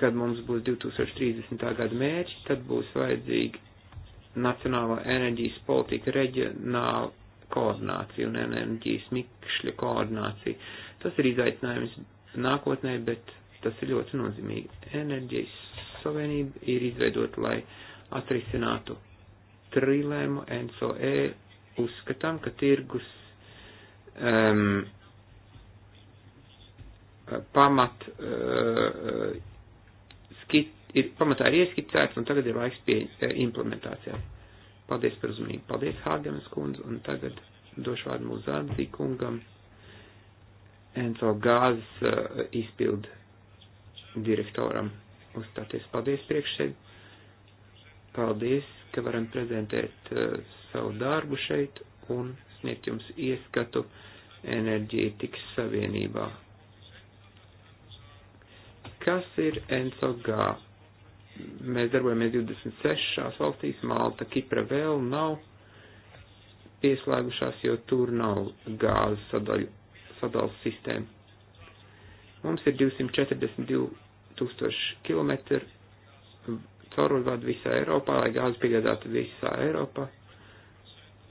kad mums būs 2030. gada mērķi, tad būs vajadzīga nacionālā enerģijas politika reģionāla koordinācija un enerģijas mikšļa koordinācija. Tas ir izaicinājums nākotnē, bet Tas ir ļoti nozīmīgi. Enerģijas savienība ir izveidota, lai atrisinātu trilēmu NSOE. Uzskatām, ka tirgus um, pamat uh, skit, ir, pamatā ir ieskicēts un tagad ir laiks pie uh, implementācijai. Paldies par uzmanību. Paldies Hāgenes kundze un tagad došu vārdu mūsu Zādzī kungam. NSO gāzes uh, izpildu direktoram uzstāties. Paldies priekšsēd, paldies, ka varam prezentēt uh, savu darbu šeit un sniegt jums ieskatu enerģētikas savienībā. Kas ir NSOG? Mēs darbojamies 26 valstīs, Malta, Kipra vēl nav pieslēgušās, jo tur nav gāzes sadaļas sistēma Mums ir 242 tūkstoši kilometru caurulvadu visā Eiropā, lai gāzi piegādātu visā Eiropā,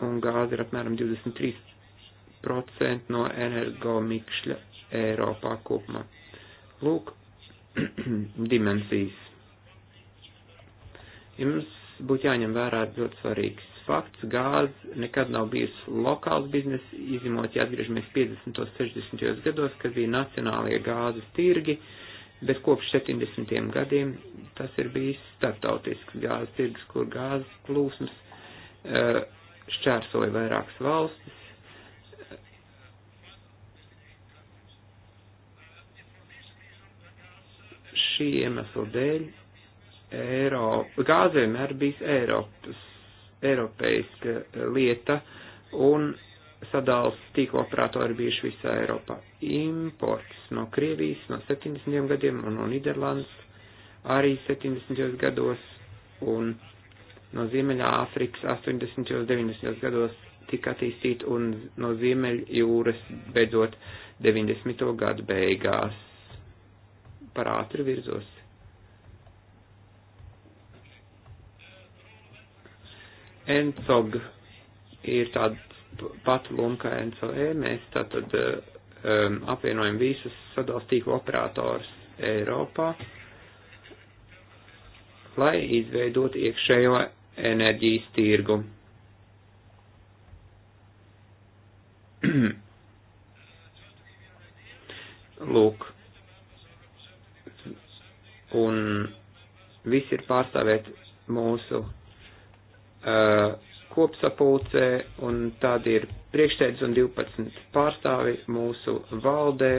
un gāzi ir apmēram 23% no energomikšļa Eiropā kopumā. Lūk, dimensijas. Jums būtu jāņem vērā ļoti svarīgs fakts. Gāze nekad nav bijis lokāls biznes, izņemot, ja atgriežamies 50. un 60. gados, kad bija nacionālie gāzes tirgi, bet kopš 70. gadiem tas ir bijis startautisks gāzes tirgs, kur gāzes plūsmas eh, šķērsoja vairākas valstis. Šī iemesla dēļ Eiropa, gāze vienmēr bijis Eiropas eiropeiska lieta un sadals tīkla operatori bijuši visā Eiropā. Imports no Krievijas no 70. gadiem un no Niderlandes arī 70. gados un no Ziemeļā Āfrikas 80. un 90. gados tika attīstīta un no Ziemeļ jūras beidzot 90. gadu beigās par ātri virzos ENCOG ir tāda pati loma kā NCOE. Mēs tātad eh, um, apvienojam visus sadalstīku operators Eiropā, lai izveidot iekšējo enerģijas tirgu. Lūk, un viss ir pārstāvēt mūsu Uh, kopsapulcē, un tad ir priekšsēdus un 12 pārstāvi mūsu valdē.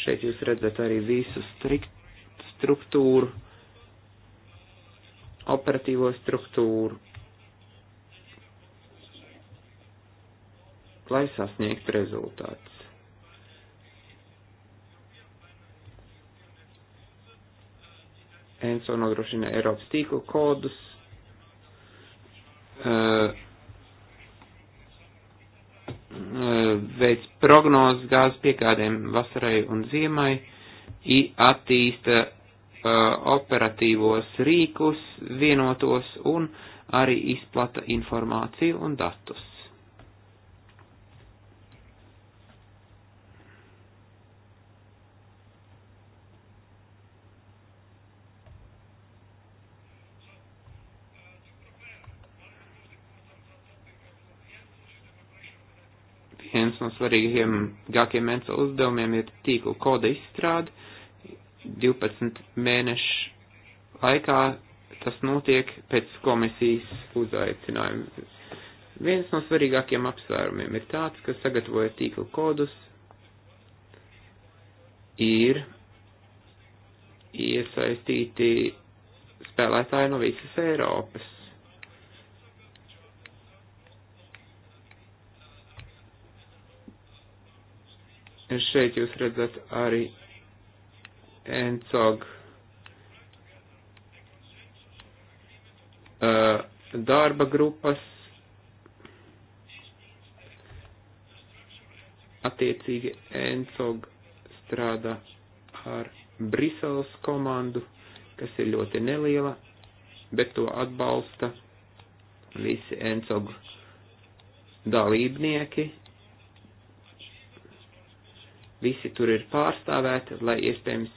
Šeit jūs redzat arī visu strikt, struktūru, operatīvo struktūru, lai sasniegtu rezultātus. ENSO nodrošina Eiropas tīklu kodus, Uh, uh, veids prognozes gāzes piekādēm vasarai un ziemai, attīsta uh, operatīvos rīkus vienotos un arī izplata informāciju un datus. viens no svarīgākiem ENSA uzdevumiem ir tīklu koda izstrāde. 12 mēnešu laikā tas notiek pēc komisijas uzaicinājuma. Viens no svarīgākiem apsvērumiem ir tāds, ka sagatavojot tīklu kodus ir iesaistīti spēlētāji no visas Eiropas Un šeit jūs redzat arī ENCOG uh, darba grupas attiecīgi ENCOG strādā ar Briseles komandu, kas ir ļoti neliela, bet to atbalsta visi ENCOG dalībnieki, visi tur ir pārstāvēti, lai iespējams,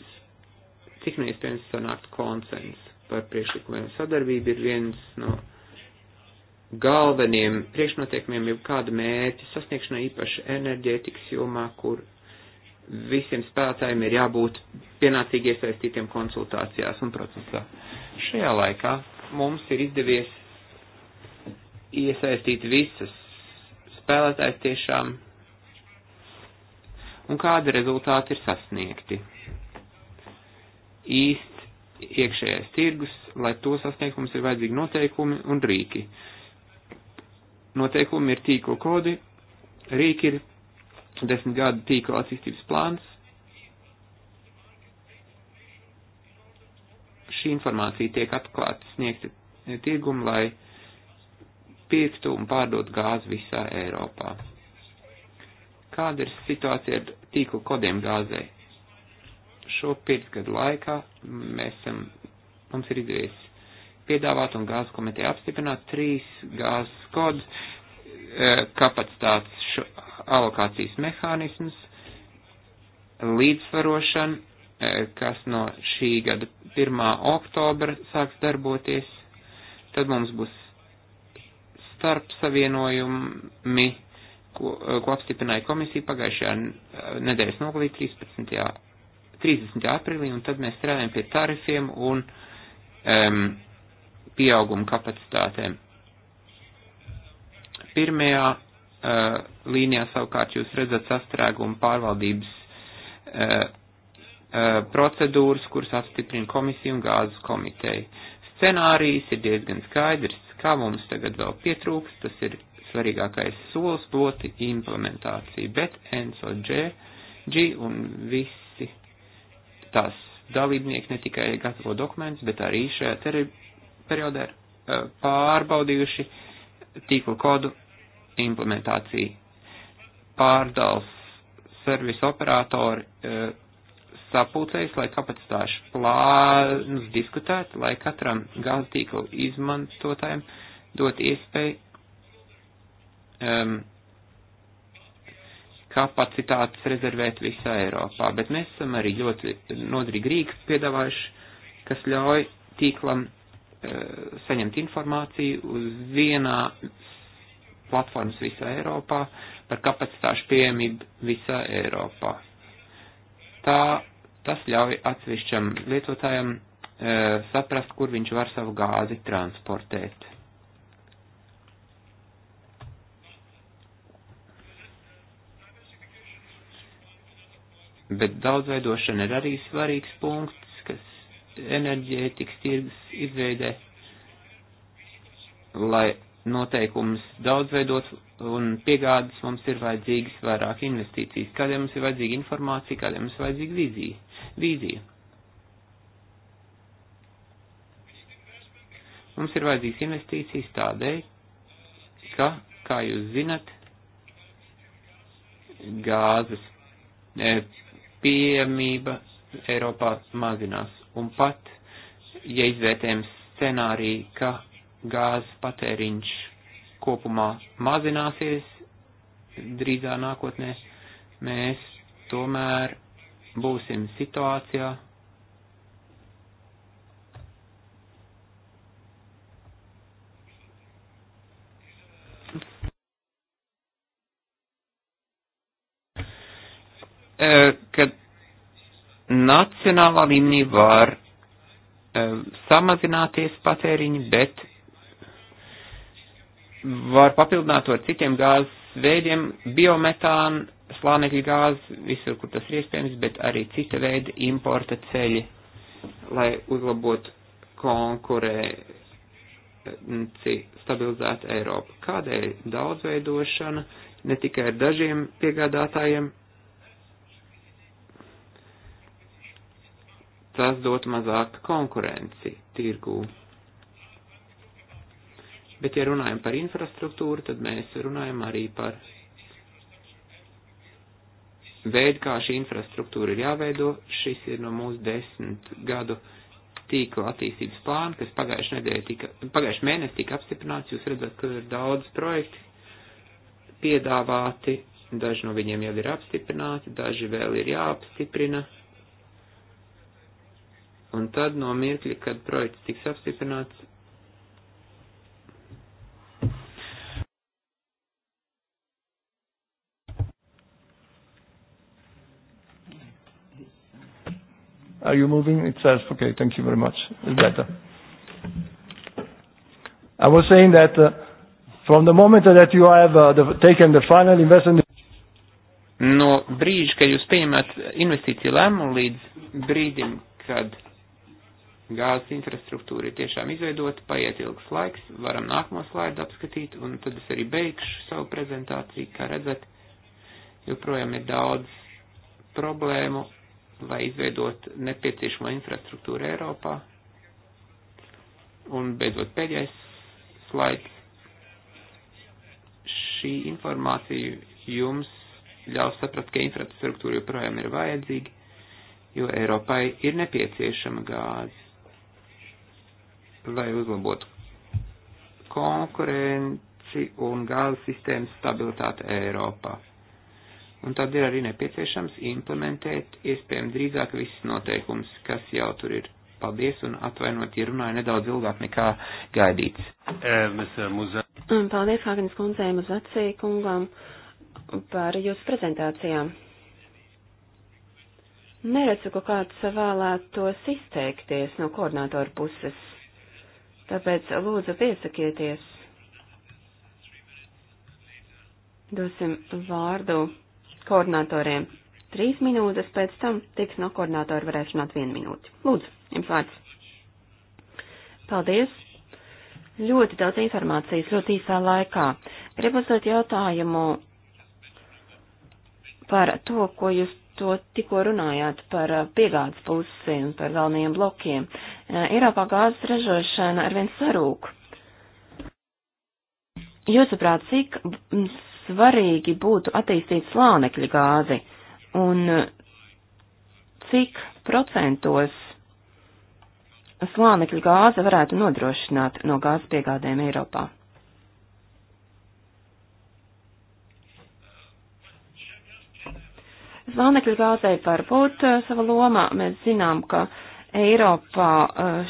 cik nu iespējams sanākt konsens par priekšlikumiem. Sadarbība ir viens no galveniem priekšnoteikumiem, jau kāda mērķa sasniegšana īpaši enerģētikas jomā, kur visiem spēlētājiem ir jābūt pienācīgi iesaistītiem konsultācijās un procesā. Šajā laikā mums ir izdevies iesaistīt visas spēlētājs tiešām un kādi rezultāti ir sasniegti. Īsts iekšējais tirgus, lai to sasniegt, mums ir vajadzīgi noteikumi un rīki. Noteikumi ir tīkla kodi, rīki ir desmit gadu tīkla attīstības plāns. Šī informācija tiek atklāta sniegta tirgumu, lai pirktu un pārdot gāzi visā Eiropā kāda ir situācija ar tīklu kodiem gāzē. Šo pirmgadu laikā mēs esam, mums ir izdevies piedāvāt un gāzes komiteja apstiprināt trīs gāzes kodus, e, kapacitātes alokācijas mehānismus, līdzsvarošanu, e, kas no šī gada 1. oktobra sāks darboties, tad mums būs starp savienojumi ko, eh, ko apstiprināja komisija pagājušajā eh, nedēļas nogalī 13. 30. aprīlī, un tad mēs strādājam pie tarifiem un um, pieauguma kapacitātēm. Pirmajā uh, līnijā savukārt jūs redzat sastrēgumu pārvaldības uh, uh, procedūras, kuras apstiprina komisija un gāzes komiteja. Scenārijs ir diezgan skaidrs, kā mums tagad vēl pietrūks, tas ir svarīgākais solis proti implementācija, bet ENSO G, G un visi tās dalībnieki ne tikai gatavo dokumentus, bet arī šajā periodā ir e, pārbaudījuši tīklu kodu implementāciju. Pārdals servis operatori e, sapulcējas, lai kapacitāšu plānus diskutētu, lai katram gāzu tīklu izmantotājiem dot iespēju um, kapacitātes rezervēt visā Eiropā, bet mēs esam arī ļoti nodrīgi rīks piedāvājuši, kas ļauj tīklam uh, saņemt informāciju uz vienā platformas visā Eiropā par kapacitāšu pieejamību visā Eiropā. Tā, tas ļauj atsevišķam lietotājam uh, saprast, kur viņš var savu gāzi transportēt. bet daudzveidošana ir arī svarīgs punkts, kas enerģētikas tirgus izveidē, lai noteikumus daudzveidot un piegādas mums ir vajadzīgas vairāk investīcijas, kādiem mums ir vajadzīga informācija, kādiem mums ir vajadzīga vīzija. vīzija. Mums ir vajadzīgas investīcijas tādēļ, ka, kā jūs zinat, gāzes e, pieejamība Eiropā mazinās. Un pat, ja izvērtējam scenāriju, ka gāzes patēriņš kopumā mazināsies drīzā nākotnē, mēs tomēr būsim situācijā, Eh, ka nacionālā līmenī var eh, samazināties patēriņi, bet var papildināt to ar citiem gāzes veidiem, biometānu, slānekļa gāzi, visur, kur tas ir iespējams, bet arī cita veida importa ceļi, lai uzlabotu konkurenci, eh, stabilizētu Eiropu. Kādēļ daudzveidošana ne tikai ar dažiem piegādātājiem, tas dot mazāk konkurenci tirgū. Bet, ja runājam par infrastruktūru, tad mēs runājam arī par veidu, kā šī infrastruktūra ir jāveido. Šis ir no mūsu desmit gadu tīkla attīstības plāna, kas pagājušajā nedēļā tika, pagājušajā mēnesī tika apstiprināts. Jūs redzat, ka ir daudz projekti piedāvāti, daži no viņiem jau ir apstiprināti, daži vēl ir jāapstiprina. Un tad no mirkļa, kad projekts tiks apstiprināts, Are you moving itself? Okay, thank you very much. It's better. I was saying that uh, from the moment that you have uh, the, taken the final investment No brīža, kad jūs pieņemat investīciju lēmumu līdz brīdim, kad Gāzes infrastruktūra ir tiešām izveidota, paiet ilgs laiks, varam nākamo slaidu apskatīt, un tad es arī beigšu savu prezentāciju, kā redzat, joprojām ir daudz problēmu, lai izveidot nepieciešamo infrastruktūru Eiropā. Un beidzot pēdējais slaids. Šī informācija jums ļaus saprast, ka infrastruktūra joprojām ir vajadzīga, jo Eiropai ir nepieciešama gāze lai uzlabotu konkurenci un gāzes sistēmas stabilitāti Eiropā. Un tad ir arī nepieciešams implementēt iespējami drīzāk visas noteikums, kas jau tur ir. Paldies un atvainot, ja runāju nedaudz ilgāk nekā gaidīts. Eh, paldies, Hāganis kundzēm uz acī kungam par jūsu prezentācijām. Neredzu, ka kāds vēlētos izteikties no koordinātora puses. Tāpēc lūdzu piesakieties. Dosim vārdu koordinatoriem. Trīs minūtes pēc tam tiks no koordinatora varēs runāt vienu minūti. Lūdzu, jums vārds. Paldies. Ļoti daudz informācijas ļoti īsā laikā. Gribu uzdot jautājumu par to, ko jūs to tikko runājāt par uh, piegādes pusi un par galvenajiem blokiem. Eh, Eiropā gāzes ražošana arvien sarūk. Jūsuprāt, cik svarīgi būtu attīstīt slānekļa gāzi un eh, cik procentos slānekļa gāze varētu nodrošināt no gāzes piegādēm Eiropā? Slānekļa gāzei var būt eh, sava loma. Mēs zinām, ka uh, Eiropā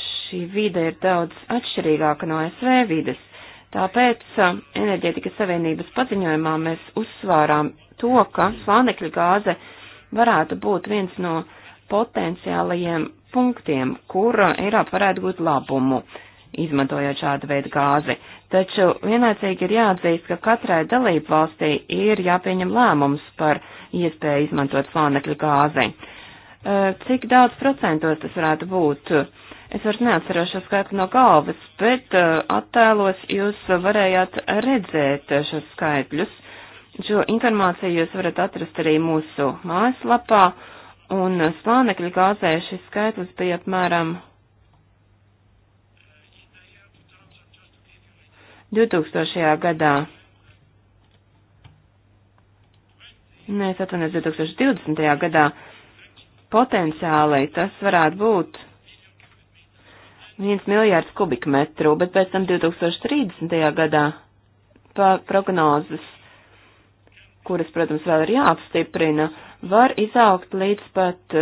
šī vide ir daudz atšķirīgāka no ASV vides. Tāpēc enerģētikas savienības paziņojumā mēs uzsvārām to, ka slānekļa gāze varētu būt viens no potenciālajiem punktiem, kur Eiropa varētu būt labumu, izmantojot šādu veidu gāzi. Taču vienlaicīgi ir jāatzīst, ka katrai dalību valstī ir jāpieņem lēmums par iespēju izmantot slānekļa gāzi. Eh, cik daudz procentos tas varētu būt. Es vairs neatceros šo skaitu no galvas, bet eh, attēlos jūs varējāt redzēt šos skaitļus. Šo informāciju jūs varat atrast arī mūsu mājaslapā, un slānekļa gāzē šis skaitlis bija apmēram 2000. gadā. Nē, es atvainojos 2020. gadā potenciāli tas varētu būt 1 miljārds kubikmetru, bet pēc tam 2030. gadā prognozes, kuras, protams, vēl ir jāapstiprina, var izaugt līdz pat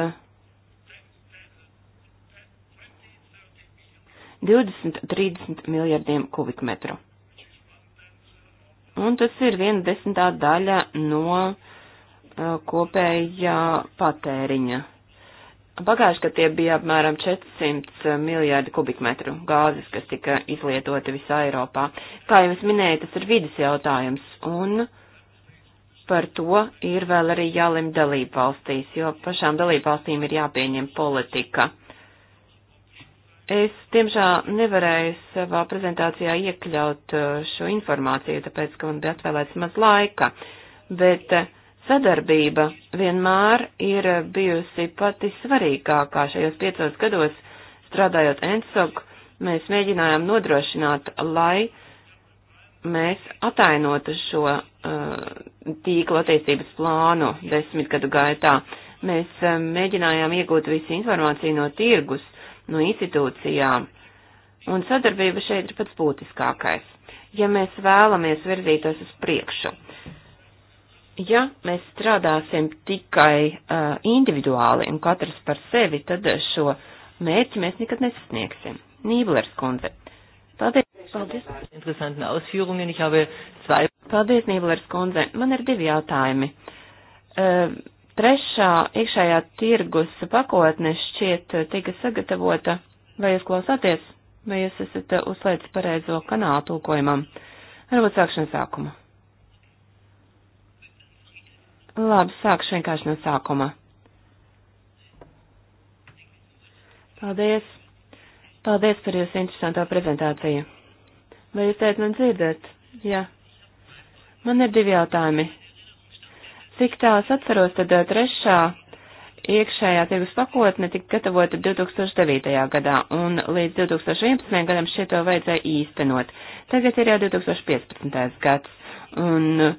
20-30 eh, miljardiem kubikmetru. Un tas ir viena desmitā daļa no uh, kopējā patēriņa Pagājuši, ka tie bija apmēram 400 eh, miljārdi kubikmetru gāzes, kas tika izlietoti visā Eiropā. Kā jau es minēju, tas ir vidas jautājums, un par to ir vēl arī jālem dalību valstīs, jo pašām dalību valstīm ir jāpieņem politika. Es, diemžēl, nevarēju savā prezentācijā iekļaut eh, šo informāciju, tāpēc, ka man bija atvēlēts maz laika, bet uh, Sadarbība vienmēr ir bijusi pati svarīgākā šajos piecos gados strādājot ENSOG, mēs mēģinājām nodrošināt, lai mēs atainotu šo uh, tīkla attīstības plānu desmitgadu gaitā. Mēs uh, mēģinājām iegūt visu informāciju no tirgus, no institūcijām, un sadarbība šeit ir pats būtiskākais, ja mēs vēlamies virzīties uz priekšu ja mēs strādāsim tikai uh, individuāli un katrs par sevi, tad šo mērķi mēs nekad nesasniegsim. Nīblers kundze. Paldies. Paldies. Paldies, Nīblers kundze. Man ir divi jautājumi. Uh, trešā iekšējā tirgus pakotne šķiet uh, tika sagatavota. Vai jūs klausāties? Vai jūs esat uh, uzslēdzis pareizo kanālu tulkojumam? Varbūt sākšana sākuma. Labi, sākšu vienkārši no sākuma. Paldies! Paldies par jūsu interesanto prezentāciju. Vai jūs teicat man dzirdat? Jā. Man ir divi jautājumi. Cik tās atceros, tad eh, trešā iekšējā tirgus pakotne tika gatavota 2009. gadā, un līdz 2011. gadam šito vajadzēja īstenot. Tagad ir jau 2015. gads, un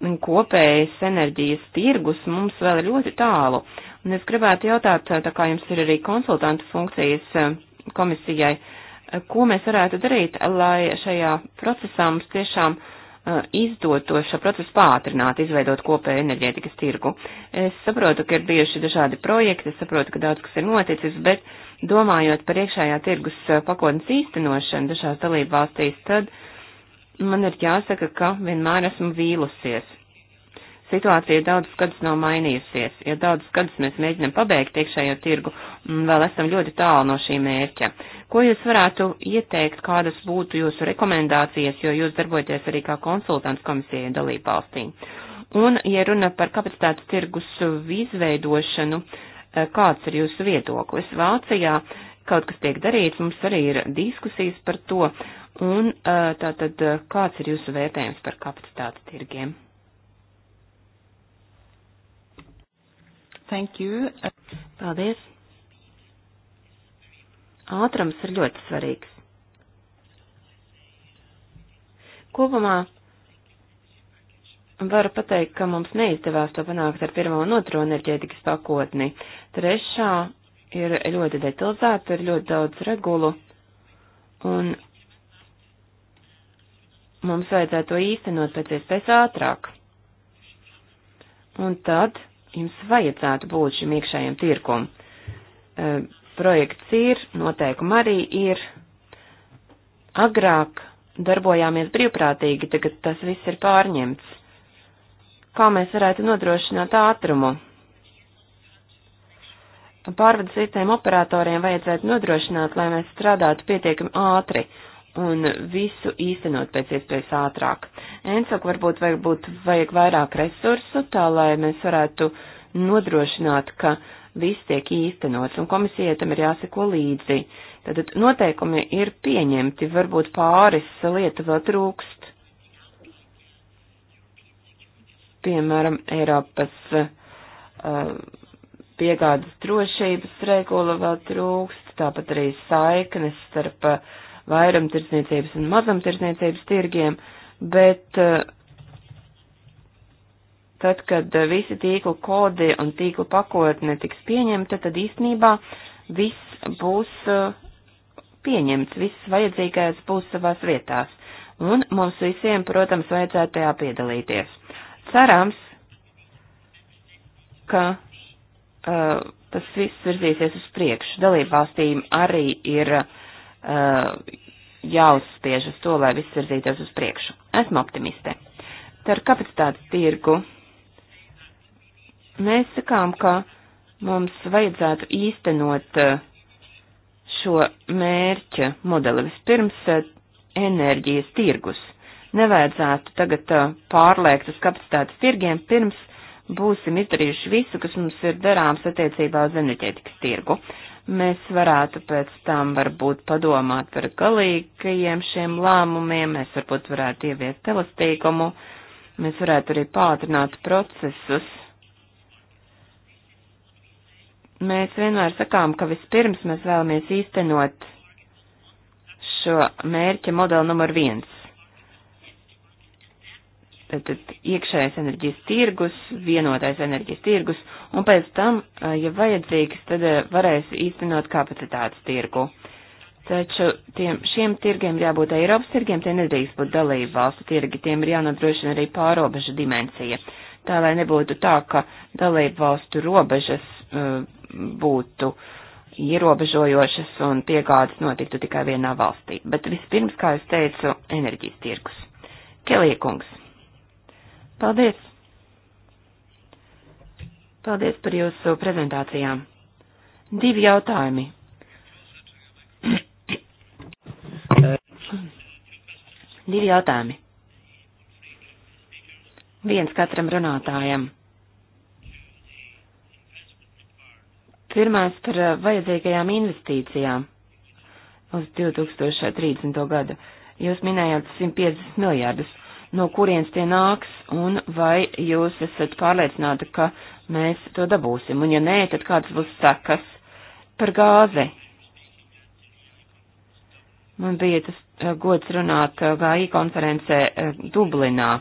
kopējais enerģijas tirgus mums vēl ir ļoti tālu. Un es gribētu jautāt, tā kā jums ir arī konsultantu funkcijas eh, komisijai, eh, ko mēs varētu darīt, lai šajā procesā mums tiešām eh, izdotos šo procesu pātrināt, izveidot kopēju enerģētikas tirgu. Es saprotu, ka ir bijuši dažādi projekti, es saprotu, ka daudz kas ir noticis, bet domājot par iekšējā tirgus pakotnes īstenošanu dažās dalību valstīs, tad uh, man ir jāsaka, ka vienmēr esmu vīlusies. Situācija daudzus gadus nav mainījusies. Ja daudzus gadus mēs mēģinam pabeigt iekšējo tirgu, mm, vēl esam ļoti tālu no šī mērķa. Ko jūs varētu ieteikt, kādas būtu jūsu rekomendācijas, jo jūs darbojaties arī kā konsultants komisijai un dalībvalstī? Un, ja runa par kapacitātes tirgus izveidošanu, eh, kāds ir jūsu viedoklis? Vācijā kaut kas tiek darīts, mums arī ir diskusijas par to. Uh, Un tātad kāds ir jūsu vērtējums par kapacitāti tirgiem? Thank you. Paldies. Ātrums ir ļoti svarīgs. Kopumā varu pateikt, ka mums neizdevās to panākt ar pirmo un otro enerģētikas pakotni. Trešā ir ļoti detalizēta, ir ļoti daudz regulu, un mums vajadzētu to īstenot pēc iespējas ātrāk. Un tad jums vajadzētu būt šim iekšējiem tirkum. E, projekts ir, noteikumi arī ir. Agrāk darbojāmies brīvprātīgi, tagad tas viss ir pārņemts. Kā mēs varētu nodrošināt ātrumu? Pārvades sistēmu operatoriem vajadzētu nodrošināt, lai mēs strādātu pietiekami ātri un visu īstenot pēc iespējas ātrāk. Encok varbūt vajag, būt, vajag vairāk resursu, tā lai mēs varētu nodrošināt, ka viss tiek īstenots, un komisijai tam ir jāseko līdzi. Tātad noteikumi ir pieņemti, varbūt pāris lieta vēl trūkst. Piemēram, Eiropas uh, piegādes drošības regula vēl trūkst, tāpat arī saiknes starp uh, vairumtirdzniecības un mazumtirdzniecības tirgiem, bet eh, tad, kad eh, visi tīklu kodi un tīklu pakotne tiks pieņemta, tad īstenībā viss būs eh, pieņemts, viss vajadzīgais būs savās vietās. Un mums visiem, protams, vajadzētu tajā piedalīties. Cerams, ka uh, tas viss virzīsies uz priekšu. Dalībvalstīm arī ir uh, Uh, jāuzspiež uz to, lai viss virzītos uz priekšu. Esmu optimiste. Par kapacitātes tirgu mēs sakām, ka mums vajadzētu īstenot uh, šo mērķa modeli. Vispirms uh, enerģijas tirgus. Nevajadzētu tagad pārliekt uz kapacitātes tirgiem, pirms būsim izdarījuši visu, kas mums ir darāms attiecībā uz enerģētikas tirgu. Uh, Mēs varētu pēc tam varbūt padomāt par galīgajiem šiem lēmumiem, mēs varbūt varētu ieviest elastīgumu, mēs varētu arī pātrināt procesus. Mēs vienmēr sakām, ka vispirms mēs vēlamies īstenot šo mērķa modeli numur viens Tātad iekšējais enerģijas tirgus, vienotais enerģijas tirgus, un pēc tam, ja vajadzīgs, tad varēs īstenot kapacitātes tirgu. Taču tiem, šiem tirgiem jābūt Eiropas tirgiem, tie nedrīkst būt dalību valstu tirgi, tiem ir jānodrošina arī pārobežu dimensija. Tā lai nebūtu tā, ka dalību valstu robežas uh, būtu ierobežojošas un piegādes notiktu tikai vienā valstī. Bet vispirms, kā es teicu, enerģijas tirgus. Keliekungs. Paldies! Paldies par jūsu prezentācijām. Divi jautājumi. Divi jautājumi. Viens katram runātājam. Pirmais par vajadzīgajām investīcijām uz 2030. gadu. Jūs minējāt 150 miljārdus no kurienes tie nāks un vai jūs esat pārliecināti, ka mēs to dabūsim. Un ja nē, tad kādas būs sekas par gāzi? Man bija tas eh, gods runāt eh, GAI konferencē eh, Dublinā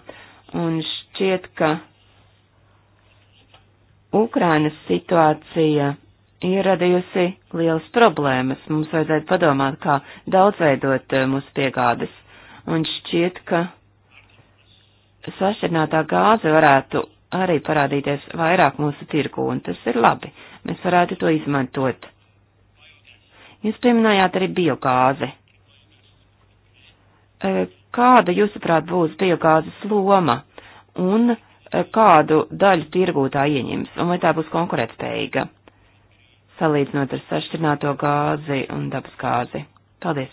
un šķiet, ka Ukrainas situācija ir radījusi lielas problēmas. Mums vajadzētu padomāt, kā daudzveidot mūsu piegādes. Un šķiet, ka sašķirnātā gāze varētu arī parādīties vairāk mūsu tirgu, un tas ir labi. Mēs varētu to izmantot. Jūs pieminējāt arī biogāzi. E, kāda, jūsuprāt, būs biogāzes loma un e, kādu daļu tirgū tā ieņems, un vai tā būs konkurētspējīga, salīdzinot ar sašķirnāto gāzi un dabas gāzi? Paldies!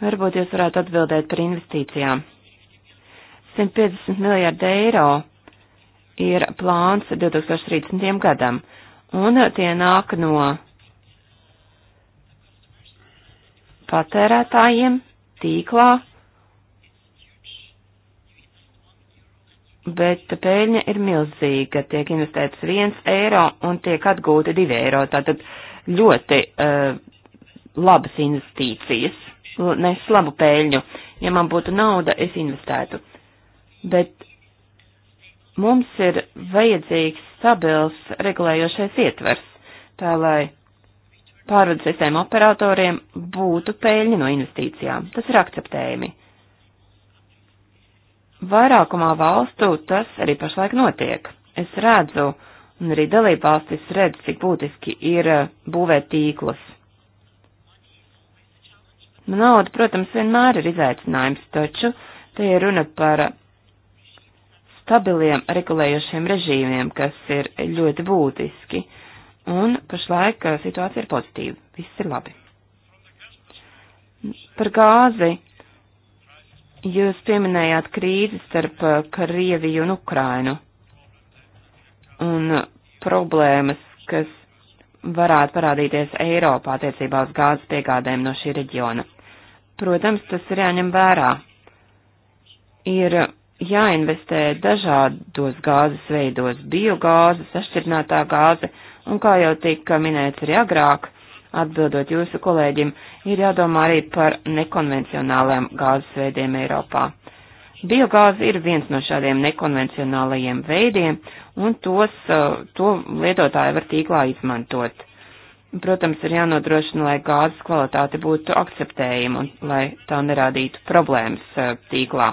Varbūt jūs varētu atbildēt par investīcijām. 150 miljārdi eiro ir plāns 2030. gadam, un tie nāk no patērētājiem tīklā, bet pēļņa ir milzīga. Tiek investēts 1 eiro un tiek atgūti 2 eiro. Tātad ļoti uh, labas investīcijas nes labu pēļņu. Ja man būtu nauda, es investētu. Bet mums ir vajadzīgs stabils regulējošais ietvers, tā lai pārvades sistēma operatoriem būtu pēļņi no investīcijām. Tas ir akceptējami. Vairākumā valstu tas arī pašlaik notiek. Es redzu, un arī dalībvalstis redz, cik būtiski ir uh, būvēt tīklus Nauda, protams, vienmēr ir izaicinājums, taču te ir runa par stabiliem regulējošiem režīmiem, kas ir ļoti būtiski, un pašlaik eh, situācija ir pozitīva, viss ir labi. Par gāzi jūs pieminējāt krīzi starp eh, Krieviju un Ukrainu un eh, problēmas, kas varētu parādīties Eiropā attiecībā uz gāzes piegādēm no šī reģiona. Protams, tas ir jāņem vērā. Ir jāinvestē dažādos gāzes veidos - biogāze, sašķirinātā gāze, un kā jau tika minēts arī agrāk, atbildot jūsu kolēģim, ir jādomā arī par nekonvencionālajiem gāzes veidiem Eiropā. Biogāze ir viens no šādiem nekonvencionālajiem veidiem, un tos, uh, to lietotāji var tīklā izmantot protams, ir jānodrošina, lai gāzes kvalitāte būtu akceptējama un lai tā nerādītu problēmas tīklā.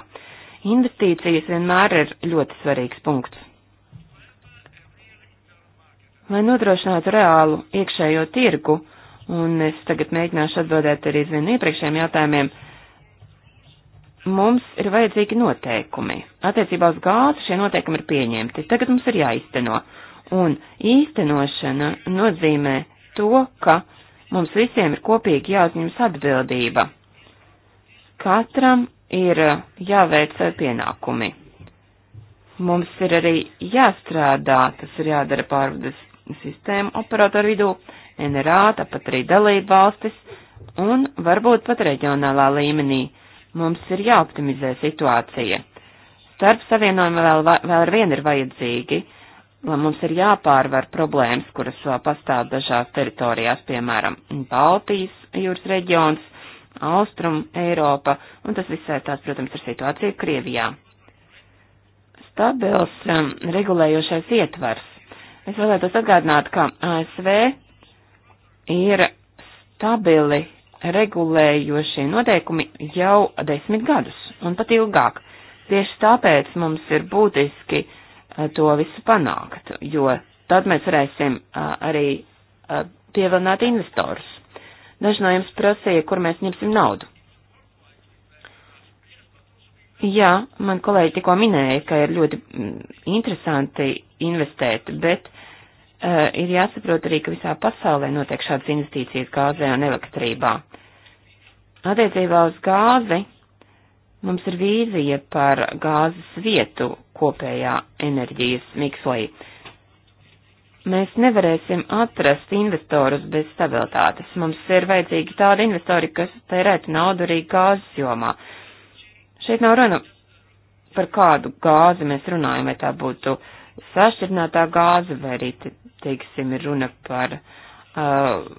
Investīcijas vienmēr ir ļoti svarīgs punkts. Lai nodrošinātu reālu iekšējo tirgu, un es tagad mēģināšu atbildēt arī uz vienu iepriekšējiem jautājumiem, mums ir vajadzīgi noteikumi. Attiecībā uz gāzi šie noteikumi ir pieņemti, tagad mums ir jāizteno. Un īstenošana nozīmē to, ka mums visiem ir kopīgi jāuzņemas atbildība. Katram ir jāveic savi pienākumi. Mums ir arī jāstrādā, tas ir jādara pārvades sistēmu operatoru vidū, NRA, tāpat arī dalība valstis un varbūt pat reģionālā līmenī. Mums ir jāoptimizē situācija. Starp savienojumi vēl, vēl ar vienu ir vajadzīgi lai mums ir jāpārvar problēmas, kuras vēl pastāv dažās teritorijās, piemēram, Baltijas jūras reģions, Austrum Eiropa, un tas viss saistās, protams, ar situāciju Krievijā. Stabils um, regulējošais ietvars. Es vēlētos atgādināt, ka ASV ir stabili regulējošie noteikumi jau desmit gadus un pat ilgāk. Tieši tāpēc mums ir būtiski Eh, to visu panākt, jo tad mēs varēsim eh, arī eh, pievilināt investorus. Daži no jums prasīja, kur mēs ņemsim naudu. Jā, man kolēģi tikko minēja, ka ir ļoti mm, interesanti investēt, bet uh, ir jāsaprot arī, ka visā pasaulē notiek šādas investīcijas gāzē un elektrībā. Attiecībā uz gāzi Mums ir vīzija par gāzes vietu kopējā enerģijas mikslī. Mēs nevarēsim atrast investorus bez stabilitātes. Mums ir vajadzīgi tādi investori, kas tērētu naudu arī gāzes jomā. Šeit nav runa par kādu gāzi mēs runājam, vai tā būtu sašķirinātā gāze, vai arī, te, teiksim, ir runa par uh,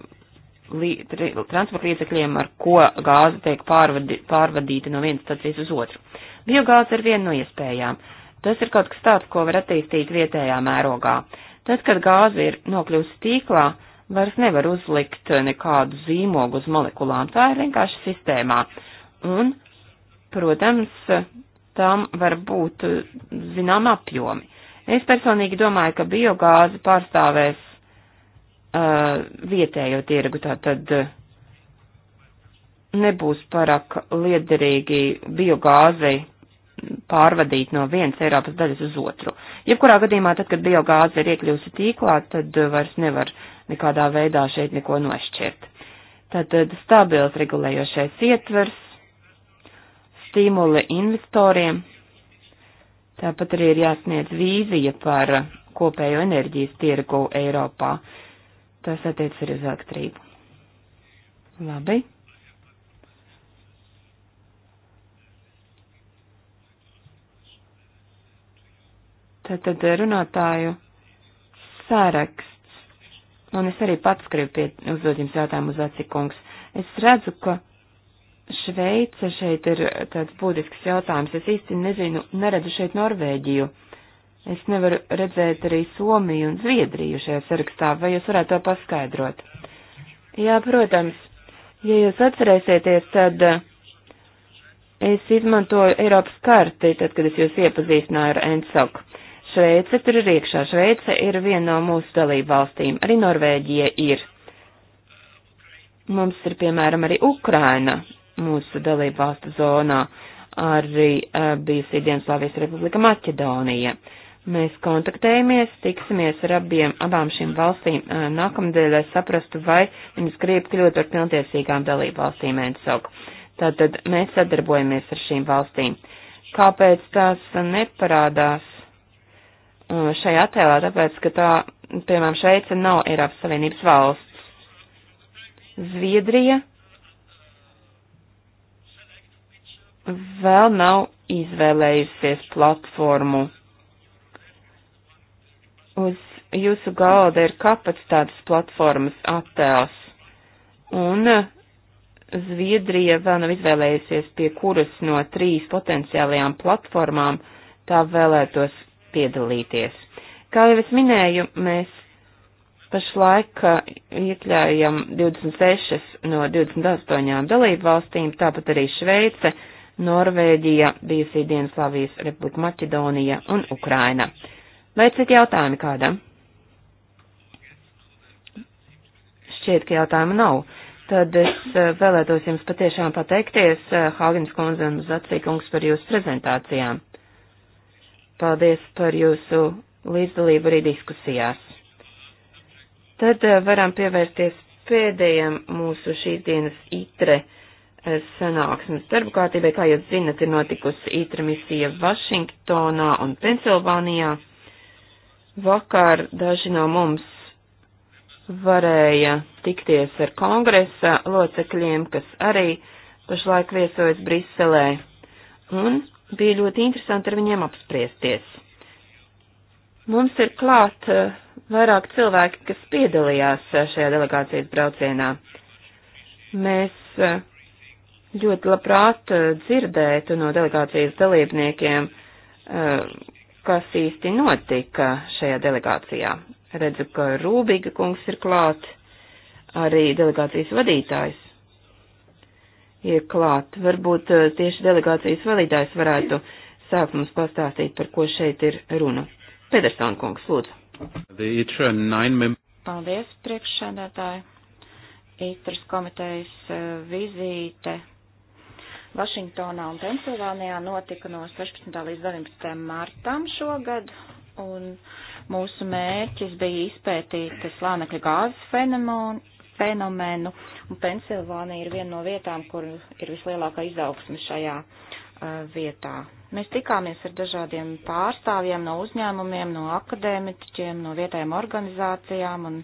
transporta līdzekļiem, ar ko gāze tiek pārvadi, pārvadīta no vienas stācijas uz otru. Biogāze ir viena no iespējām. Tas ir kaut kas tāds, ko var attīstīt vietējā mērogā. Tad, kad gāze ir nokļuvusi tīklā, vairs nevar uzlikt nekādu zīmogu uz molekulām. Tā ir vienkārši sistēmā. Un, protams, tam var būt zinām apjomi. Es personīgi domāju, ka biogāze pārstāvēs Uh, vietējo tirgu, tātad uh, nebūs parāk liederīgi biogāzei pārvadīt no vienas Eiropas daļas uz otru. Jebkurā gadījumā, tad, kad biogāze ir iekļūsi tīklā, tad uh, vairs nevar nekādā veidā šeit neko nošķirt. Tātad stabils regulējošais ietvers, stimuli investoriem, tāpat arī ir jāsniedz vīzija par kopējo enerģijas tirgu Eiropā. Uh, Tas attiec arī uz elektrību. Labi. Tātad runātāju sāraksts. Un es arī pats gribu pie, uzdot jums jautājumu uz acikungs. Es redzu, ka Šveice šeit ir tāds būtisks jautājums. Es īsti nezinu, neredzu šeit Norvēģiju. Uh, Es nevaru redzēt arī Somiju un Zviedriju šajā sarakstā, vai jūs varētu to paskaidrot? Jā, protams. Ja jūs atcerēsieties, tad eh, es izmantoju Eiropas karti, tad, kad es jūs iepazīstināju ar ENSOK. Šveice tur ir iekšā. Šveice ir viena no mūsu dalību valstīm. Arī Norvēģija ir. Mums ir, piemēram, arī Ukraina mūsu dalību valstu zonā, arī uh, eh, bijusi Dienaslāvijas republika Maķedonija. Uh, Mēs kontaktējamies, tiksimies ar abiem, abām šīm valstīm nākamdēļ, lai saprastu, vai viņas grib kļūt par pilntiesīgām dalību valstīm ENSOK. Tātad mēs sadarbojamies ar šīm valstīm. Kāpēc tās neparādās šajā attēlā? Tāpēc, ka tā, piemēram, Šveica nav Eiropas Savienības valsts. Zviedrija vēl nav izvēlējusies platformu Uz jūsu galda ir kapacitātes platformas attēls, un eh, Zviedrija vēl nav izvēlējusies, pie kuras no trīs potenciālajām platformām tā vēlētos piedalīties. Kā jau es minēju, mēs pašlaik eh, iekļaujam 26 no 28 dalību valstīm, tāpat arī Šveice, Norvēģija, bijusī Dienaslavijas Republika Maķedonija un Ukraina. Vai citi jautājumi kādam? Šķiet, ka jautājumu nav. Tad es eh, vēlētos jums patiešām pateikties, eh, Hāgens kundze un Zacīkungs, par jūsu prezentācijām. Paldies par jūsu līdzdalību arī diskusijās. Tad eh, varam pievērsties pēdējiem mūsu šīs dienas itre sanāksmes darbu kārtībai. Kā jūs zinat, ir notikusi itre misija Vašingtonā un Pensilvānijā. Vakar daži no mums varēja tikties ar kongresa locekļiem, kas arī pašlaik viesojas Briselē, un bija ļoti interesanti ar viņiem apspriesties. Mums ir klāt eh, vairāk cilvēki, kas piedalījās eh, šajā delegācijas braucienā. Mēs eh, ļoti labprāt dzirdētu no delegācijas dalībniekiem, kas īsti notika šajā delegācijā. Redzu, ka Rūbīga kungs ir klāt, arī delegācijas vadītājs ir klāt. Varbūt eh, tieši delegācijas vadītājs varētu sākt mums pastāstīt, par ko šeit ir runa. Pedersona kungs, lūdzu. Paldies, priekšsēdētāji. Īstras komitejas eh, vizīte Vašingtonā un Pensilvānijā notika no 16. līdz 19. martam šogad, un mūsu mērķis bija izpētīt slānekļa gāzes fenomenu, fenomenu, un Pensilvānija ir viena no vietām, kur ir vislielākā izaugsme šajā uh, vietā. Mēs tikāmies ar dažādiem pārstāvjiem no uzņēmumiem, no akadēmiķiem, no vietējām organizācijām un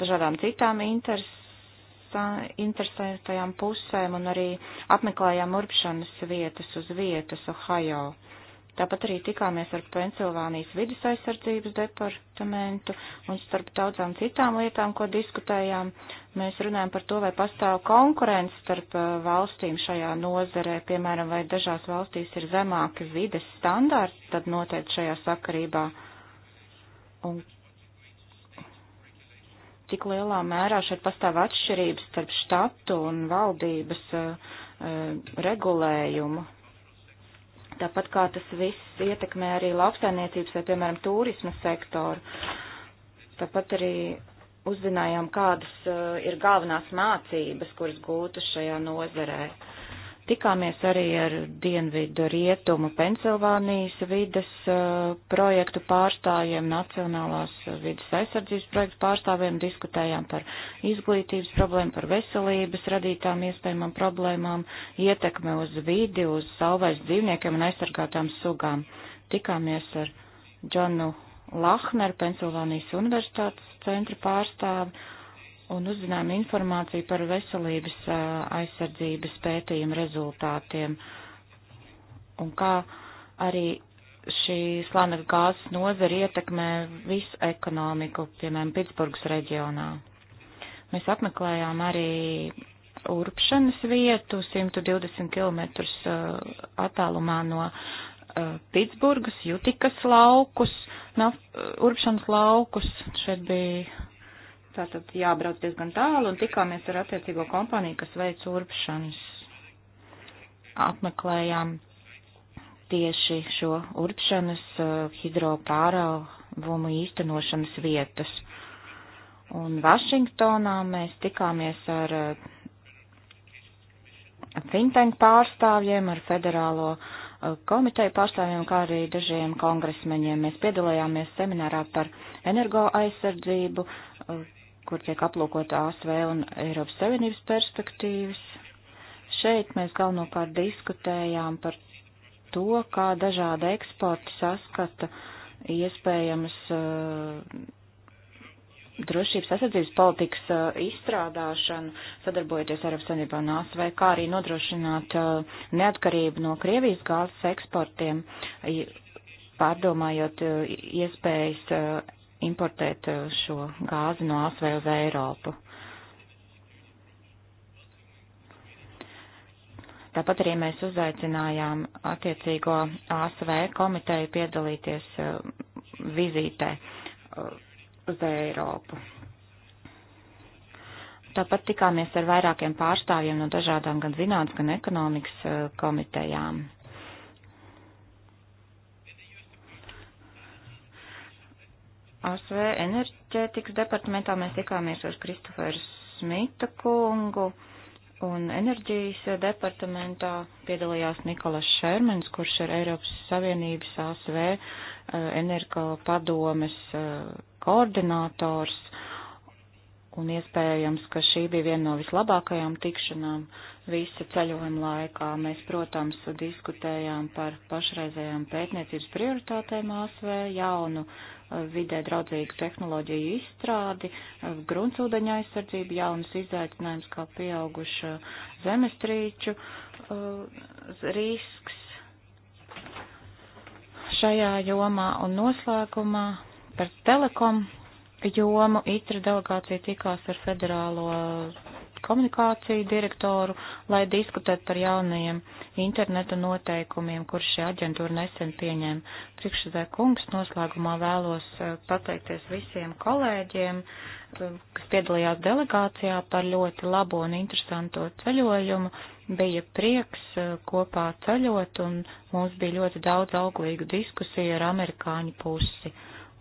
dažādām citām interesēm interesētajām pusēm un arī apmeklējām urbšanas vietas uz vietas Ohio. Tāpat arī tikāmies ar Pensilvānijas vidus aizsardzības departamentu un starp daudzām citām lietām, ko diskutējām, mēs runājam par to, vai pastāv konkurence starp uh, valstīm šajā nozarē, piemēram, vai dažās valstīs ir zemāki vides standārti, tad noteikti šajā sakarībā. Un cik lielā mērā šeit pastāv atšķirības starp štatu un valdības eh, eh, regulējumu. Tāpat kā tas viss ietekmē arī lauksainiecības vai, piemēram, turisma sektoru. Tāpat arī uzzinājām, kādas eh, ir galvenās mācības, kuras gūtas šajā nozerē. Uh, Tikāmies arī ar Dienvidu rietumu Pensilvānijas vides uh, projektu pārstāvjiem, Nacionālās vides aizsardzības projektu pārstāvjiem, diskutējām par izglītības problēmu, par veselības radītām iespējamām problēmām, ietekme uz vidi, uz savvaļas dzīvniekiem un aizsargātām sugām. Tikāmies ar Džonu Lahneru, Pensilvānijas universitātes centra pārstāvi un uzzinājām informāciju par veselības aizsardzības pētījumu rezultātiem un kā arī šī slānekļa gāzes nozara ietekmē visu ekonomiku, piemēram, Pitsburgas reģionā. Mēs apmeklējām arī urpšanas vietu 120 km attālumā no Pitsburgas, Jutikas laukus, nav, urpšanas laukus. Šeit bija Tātad jābrauc diezgan tālu un tikāmies ar attiecīgo kompāniju, kas veic urpšanas. Apmeklējām tieši šo urpšanas eh, hidropārāvumu īstenošanas vietas. Un Vašingtonā mēs tikāmies ar eh, think tank pārstāvjiem, ar federālo eh, komiteju pārstāvjiem, kā arī dažiem kongresmeņiem. Mēs piedalījāmies seminārā par energo aizsardzību, kur tiek aplūkot ASV un Eiropas Savienības perspektīvas. Šeit mēs galvenokārt diskutējām par to, kā dažādi eksporti saskata iespējamas uh, drošības aizsardzības politikas uh, izstrādāšanu, sadarbojoties ar Savienībā un ASV, kā arī nodrošināt uh, neatkarību no Krievijas gāzes eksportiem, pārdomājot uh, iespējas uh, importēt eh, šo gāzi no ASV uz Eiropu. Tāpat arī mēs uzaicinājām attiecīgo ASV komiteju piedalīties eh, vizītē eh, uz Eiropu. Tāpat tikāmies ar vairākiem pārstāvjiem no dažādām gan zinātnes, gan ekonomikas komitejām. ASV enerģētikas departamentā mēs tikāmies ar Kristoferu Smita kungu un enerģijas departamentā piedalījās Nikolas Šermens, kurš ir Eiropas Savienības ASV eh, energo padomes eh, koordinators. Un iespējams, ka šī bija viena no vislabākajām tikšanām visa ceļojuma laikā. Mēs, protams, diskutējām par pašreizējām pētniecības prioritātēm ASV, jaunu uh, vidē draudzīgu tehnoloģiju izstrādi, gruntsūdeņa aizsardzību, jaunas izaicinājums kā pieauguša zemestrīču uh, risks šajā jomā un noslēgumā par telekom jomu. ITRA delegācija tikās ar Federālo komunikāciju direktoru, lai diskutētu par jaunajiem interneta noteikumiem, kurš šī aģentūra nesen pieņēma. Priekšsēdē kungs noslēgumā vēlos eh, pateikties visiem kolēģiem, eh, kas piedalījās delegācijā par ļoti labo un interesanto ceļojumu. Bija prieks eh, kopā ceļot un mums bija ļoti daudz auglīgu diskusiju ar amerikāņu pusi.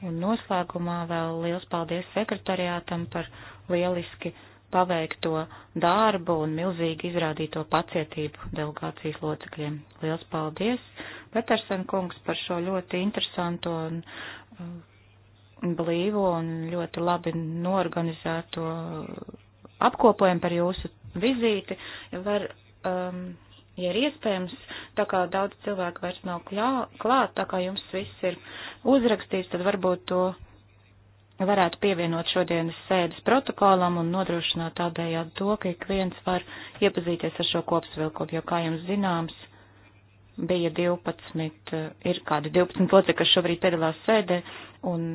Un noslēgumā vēl liels paldies sekretariātam par lieliski paveikto darbu un milzīgi izrādīto pacietību delegācijas locekļiem. Liels paldies, Petersen kungs, par šo ļoti interesanto un uh, blīvo un ļoti labi norganizēto apkopojumu par jūsu vizīti. Ja var, um, ja ir iespējams, tā kā daudz cilvēku vairs nav klā, klāt, tā kā jums viss ir uzrakstīts, tad varbūt to varētu pievienot šodienas sēdes protokolam un nodrošināt tādējādi to, ka ik viens var iepazīties ar šo kopsvilkumu, jo, kā jums zināms, bija 12, eh, ir kādi 12 locekļi, kas šobrīd piedalās sēdē, un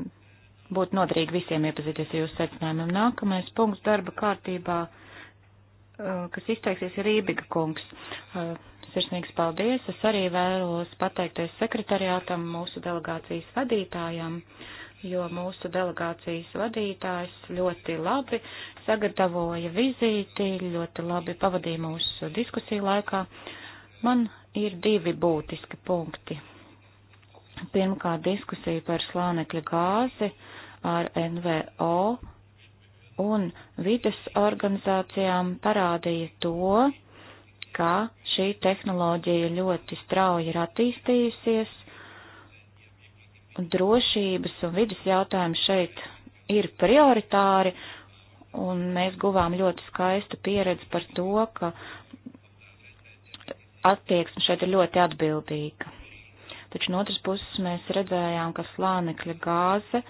būtu noderīgi visiem iepazīties ar jūsu secinājumiem. Nākamais punkts darba kārtībā, eh, kas izteiksies, ir Rībiga kungs. Eh, sirsnīgs paldies! Es arī vēlos pateikties sekretariātam, mūsu delegācijas vadītājam. Uh, jo mūsu delegācijas vadītājs ļoti labi sagatavoja vizīti, ļoti labi pavadīja mūsu diskusiju laikā. Man ir divi būtiski punkti. Pirmkārt, diskusija par slānekļa gāzi ar NVO un vides organizācijām parādīja to, ka šī tehnoloģija ļoti strauji ir attīstījusies drošības un vidas jautājumi šeit ir prioritāri, un mēs guvām ļoti skaistu pieredzi par to, ka attieksme šeit ir ļoti atbildīga. Taču no otras puses mēs redzējām, ka slānekļa gāze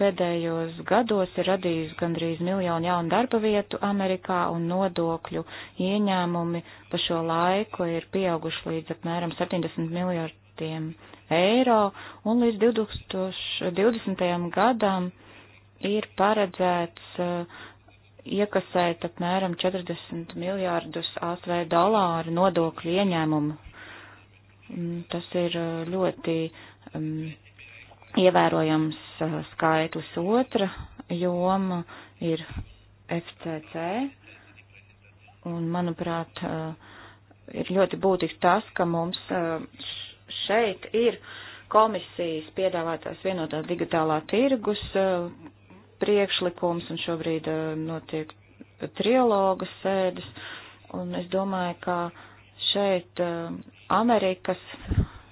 pēdējos gados ir radījis gandrīz miljonu jaunu darba vietu Amerikā un nodokļu ieņēmumi pa šo laiku ir pieauguši līdz apmēram 70 miljardu miljardiem eiro, un līdz 2020. gadam ir paredzēts uh, iekasēt apmēram 40 miljārdus ASV dolāru nodokļu ieņēmumu. Tas ir uh, ļoti um, ievērojams uh, skaitlis. Otra joma ir FCC, un manuprāt, ir ļoti būtisks tas, ka mums šeit ir komisijas piedāvātās vienotā digitālā tirgus eh, priekšlikums un šobrīd eh, notiek trialoga sēdes. Un es domāju, ka šeit eh, Amerikas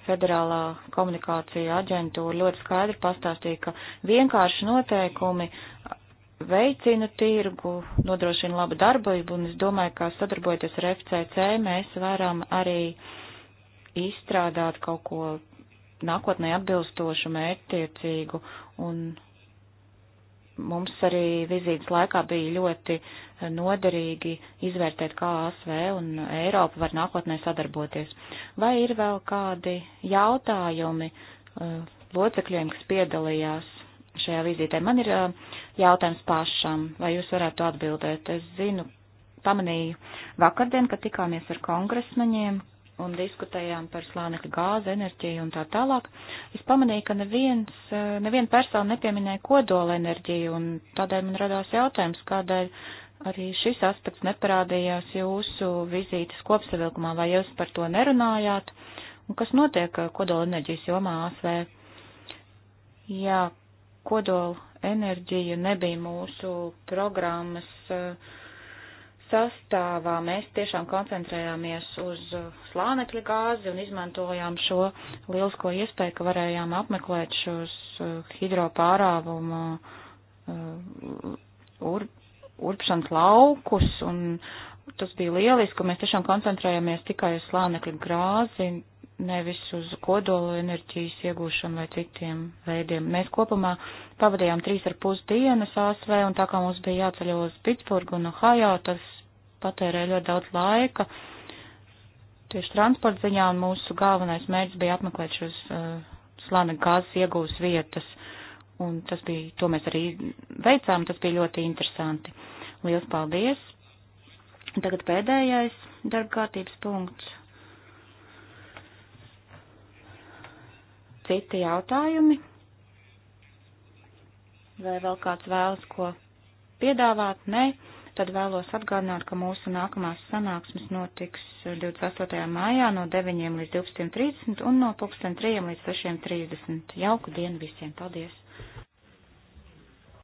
federālā komunikācija aģentūra ļoti skaidri pastāstīja, ka vienkārši noteikumi veicina tirgu, nodrošina labu darbību, un es domāju, ka sadarbojoties ar FCC mēs varam arī uh, izstrādāt kaut ko nākotnē atbilstošu, mērķtiecīgu, un mums arī vizītes laikā bija ļoti noderīgi izvērtēt, kā ASV un Eiropa var nākotnē sadarboties. Vai ir vēl kādi jautājumi eh, locekļiem, kas piedalījās šajā vizītē? Man ir eh, jautājums pašam, vai jūs varētu atbildēt? Es zinu, pamanīju vakardien, kad tikāmies ar kongresmeņiem, un diskutējām par slānekļa gāzi, enerģiju un tā tālāk, es pamanīju, ka neviens, eh, neviena persona nepieminēja kodola enerģiju, un tādēļ man radās jautājums, kādēļ arī šis aspekts neparādījās jūsu vizītes kopsavilkumā, vai jūs par to nerunājāt, un kas notiek eh, kodola enerģijas jomā ASV. Jā, kodola enerģija nebija mūsu programmas uh, sastāvā mēs tiešām koncentrējāmies uz uh, slānekļa gāzi un izmantojām šo lielisko iespēju, ka varējām apmeklēt šos uh, hidropārāvumu uh, ur, urpšanas laukus, un tas bija lieliski, un mēs tiešām koncentrējāmies tikai uz slānekļa grāzi, nevis uz kodola enerģijas iegūšanu vai citiem veidiem. Mēs kopumā pavadījām trīs ar pus dienas ASV, un tā kā mums bija jāceļo uz Pitsburgu un Ohio, tas patērēja ļoti daudz laika. Tieši transporta ziņā un mūsu galvenais mērķis bija apmeklēt šos uh, slana gāzes iegūs vietas, un tas bija, to mēs arī veicām, tas bija ļoti interesanti. Liels paldies! Tagad pēdējais darbkārtības punkts citi jautājumi? Vai vēl kāds vēlas ko piedāvāt? Nē. Tad vēlos atgādināt, ka mūsu nākamās sanāksmes notiks 28. Uh, maijā no 9 līdz 12.30 un no 1.3 līdz 6.30. Jauku dienu visiem! Paldies!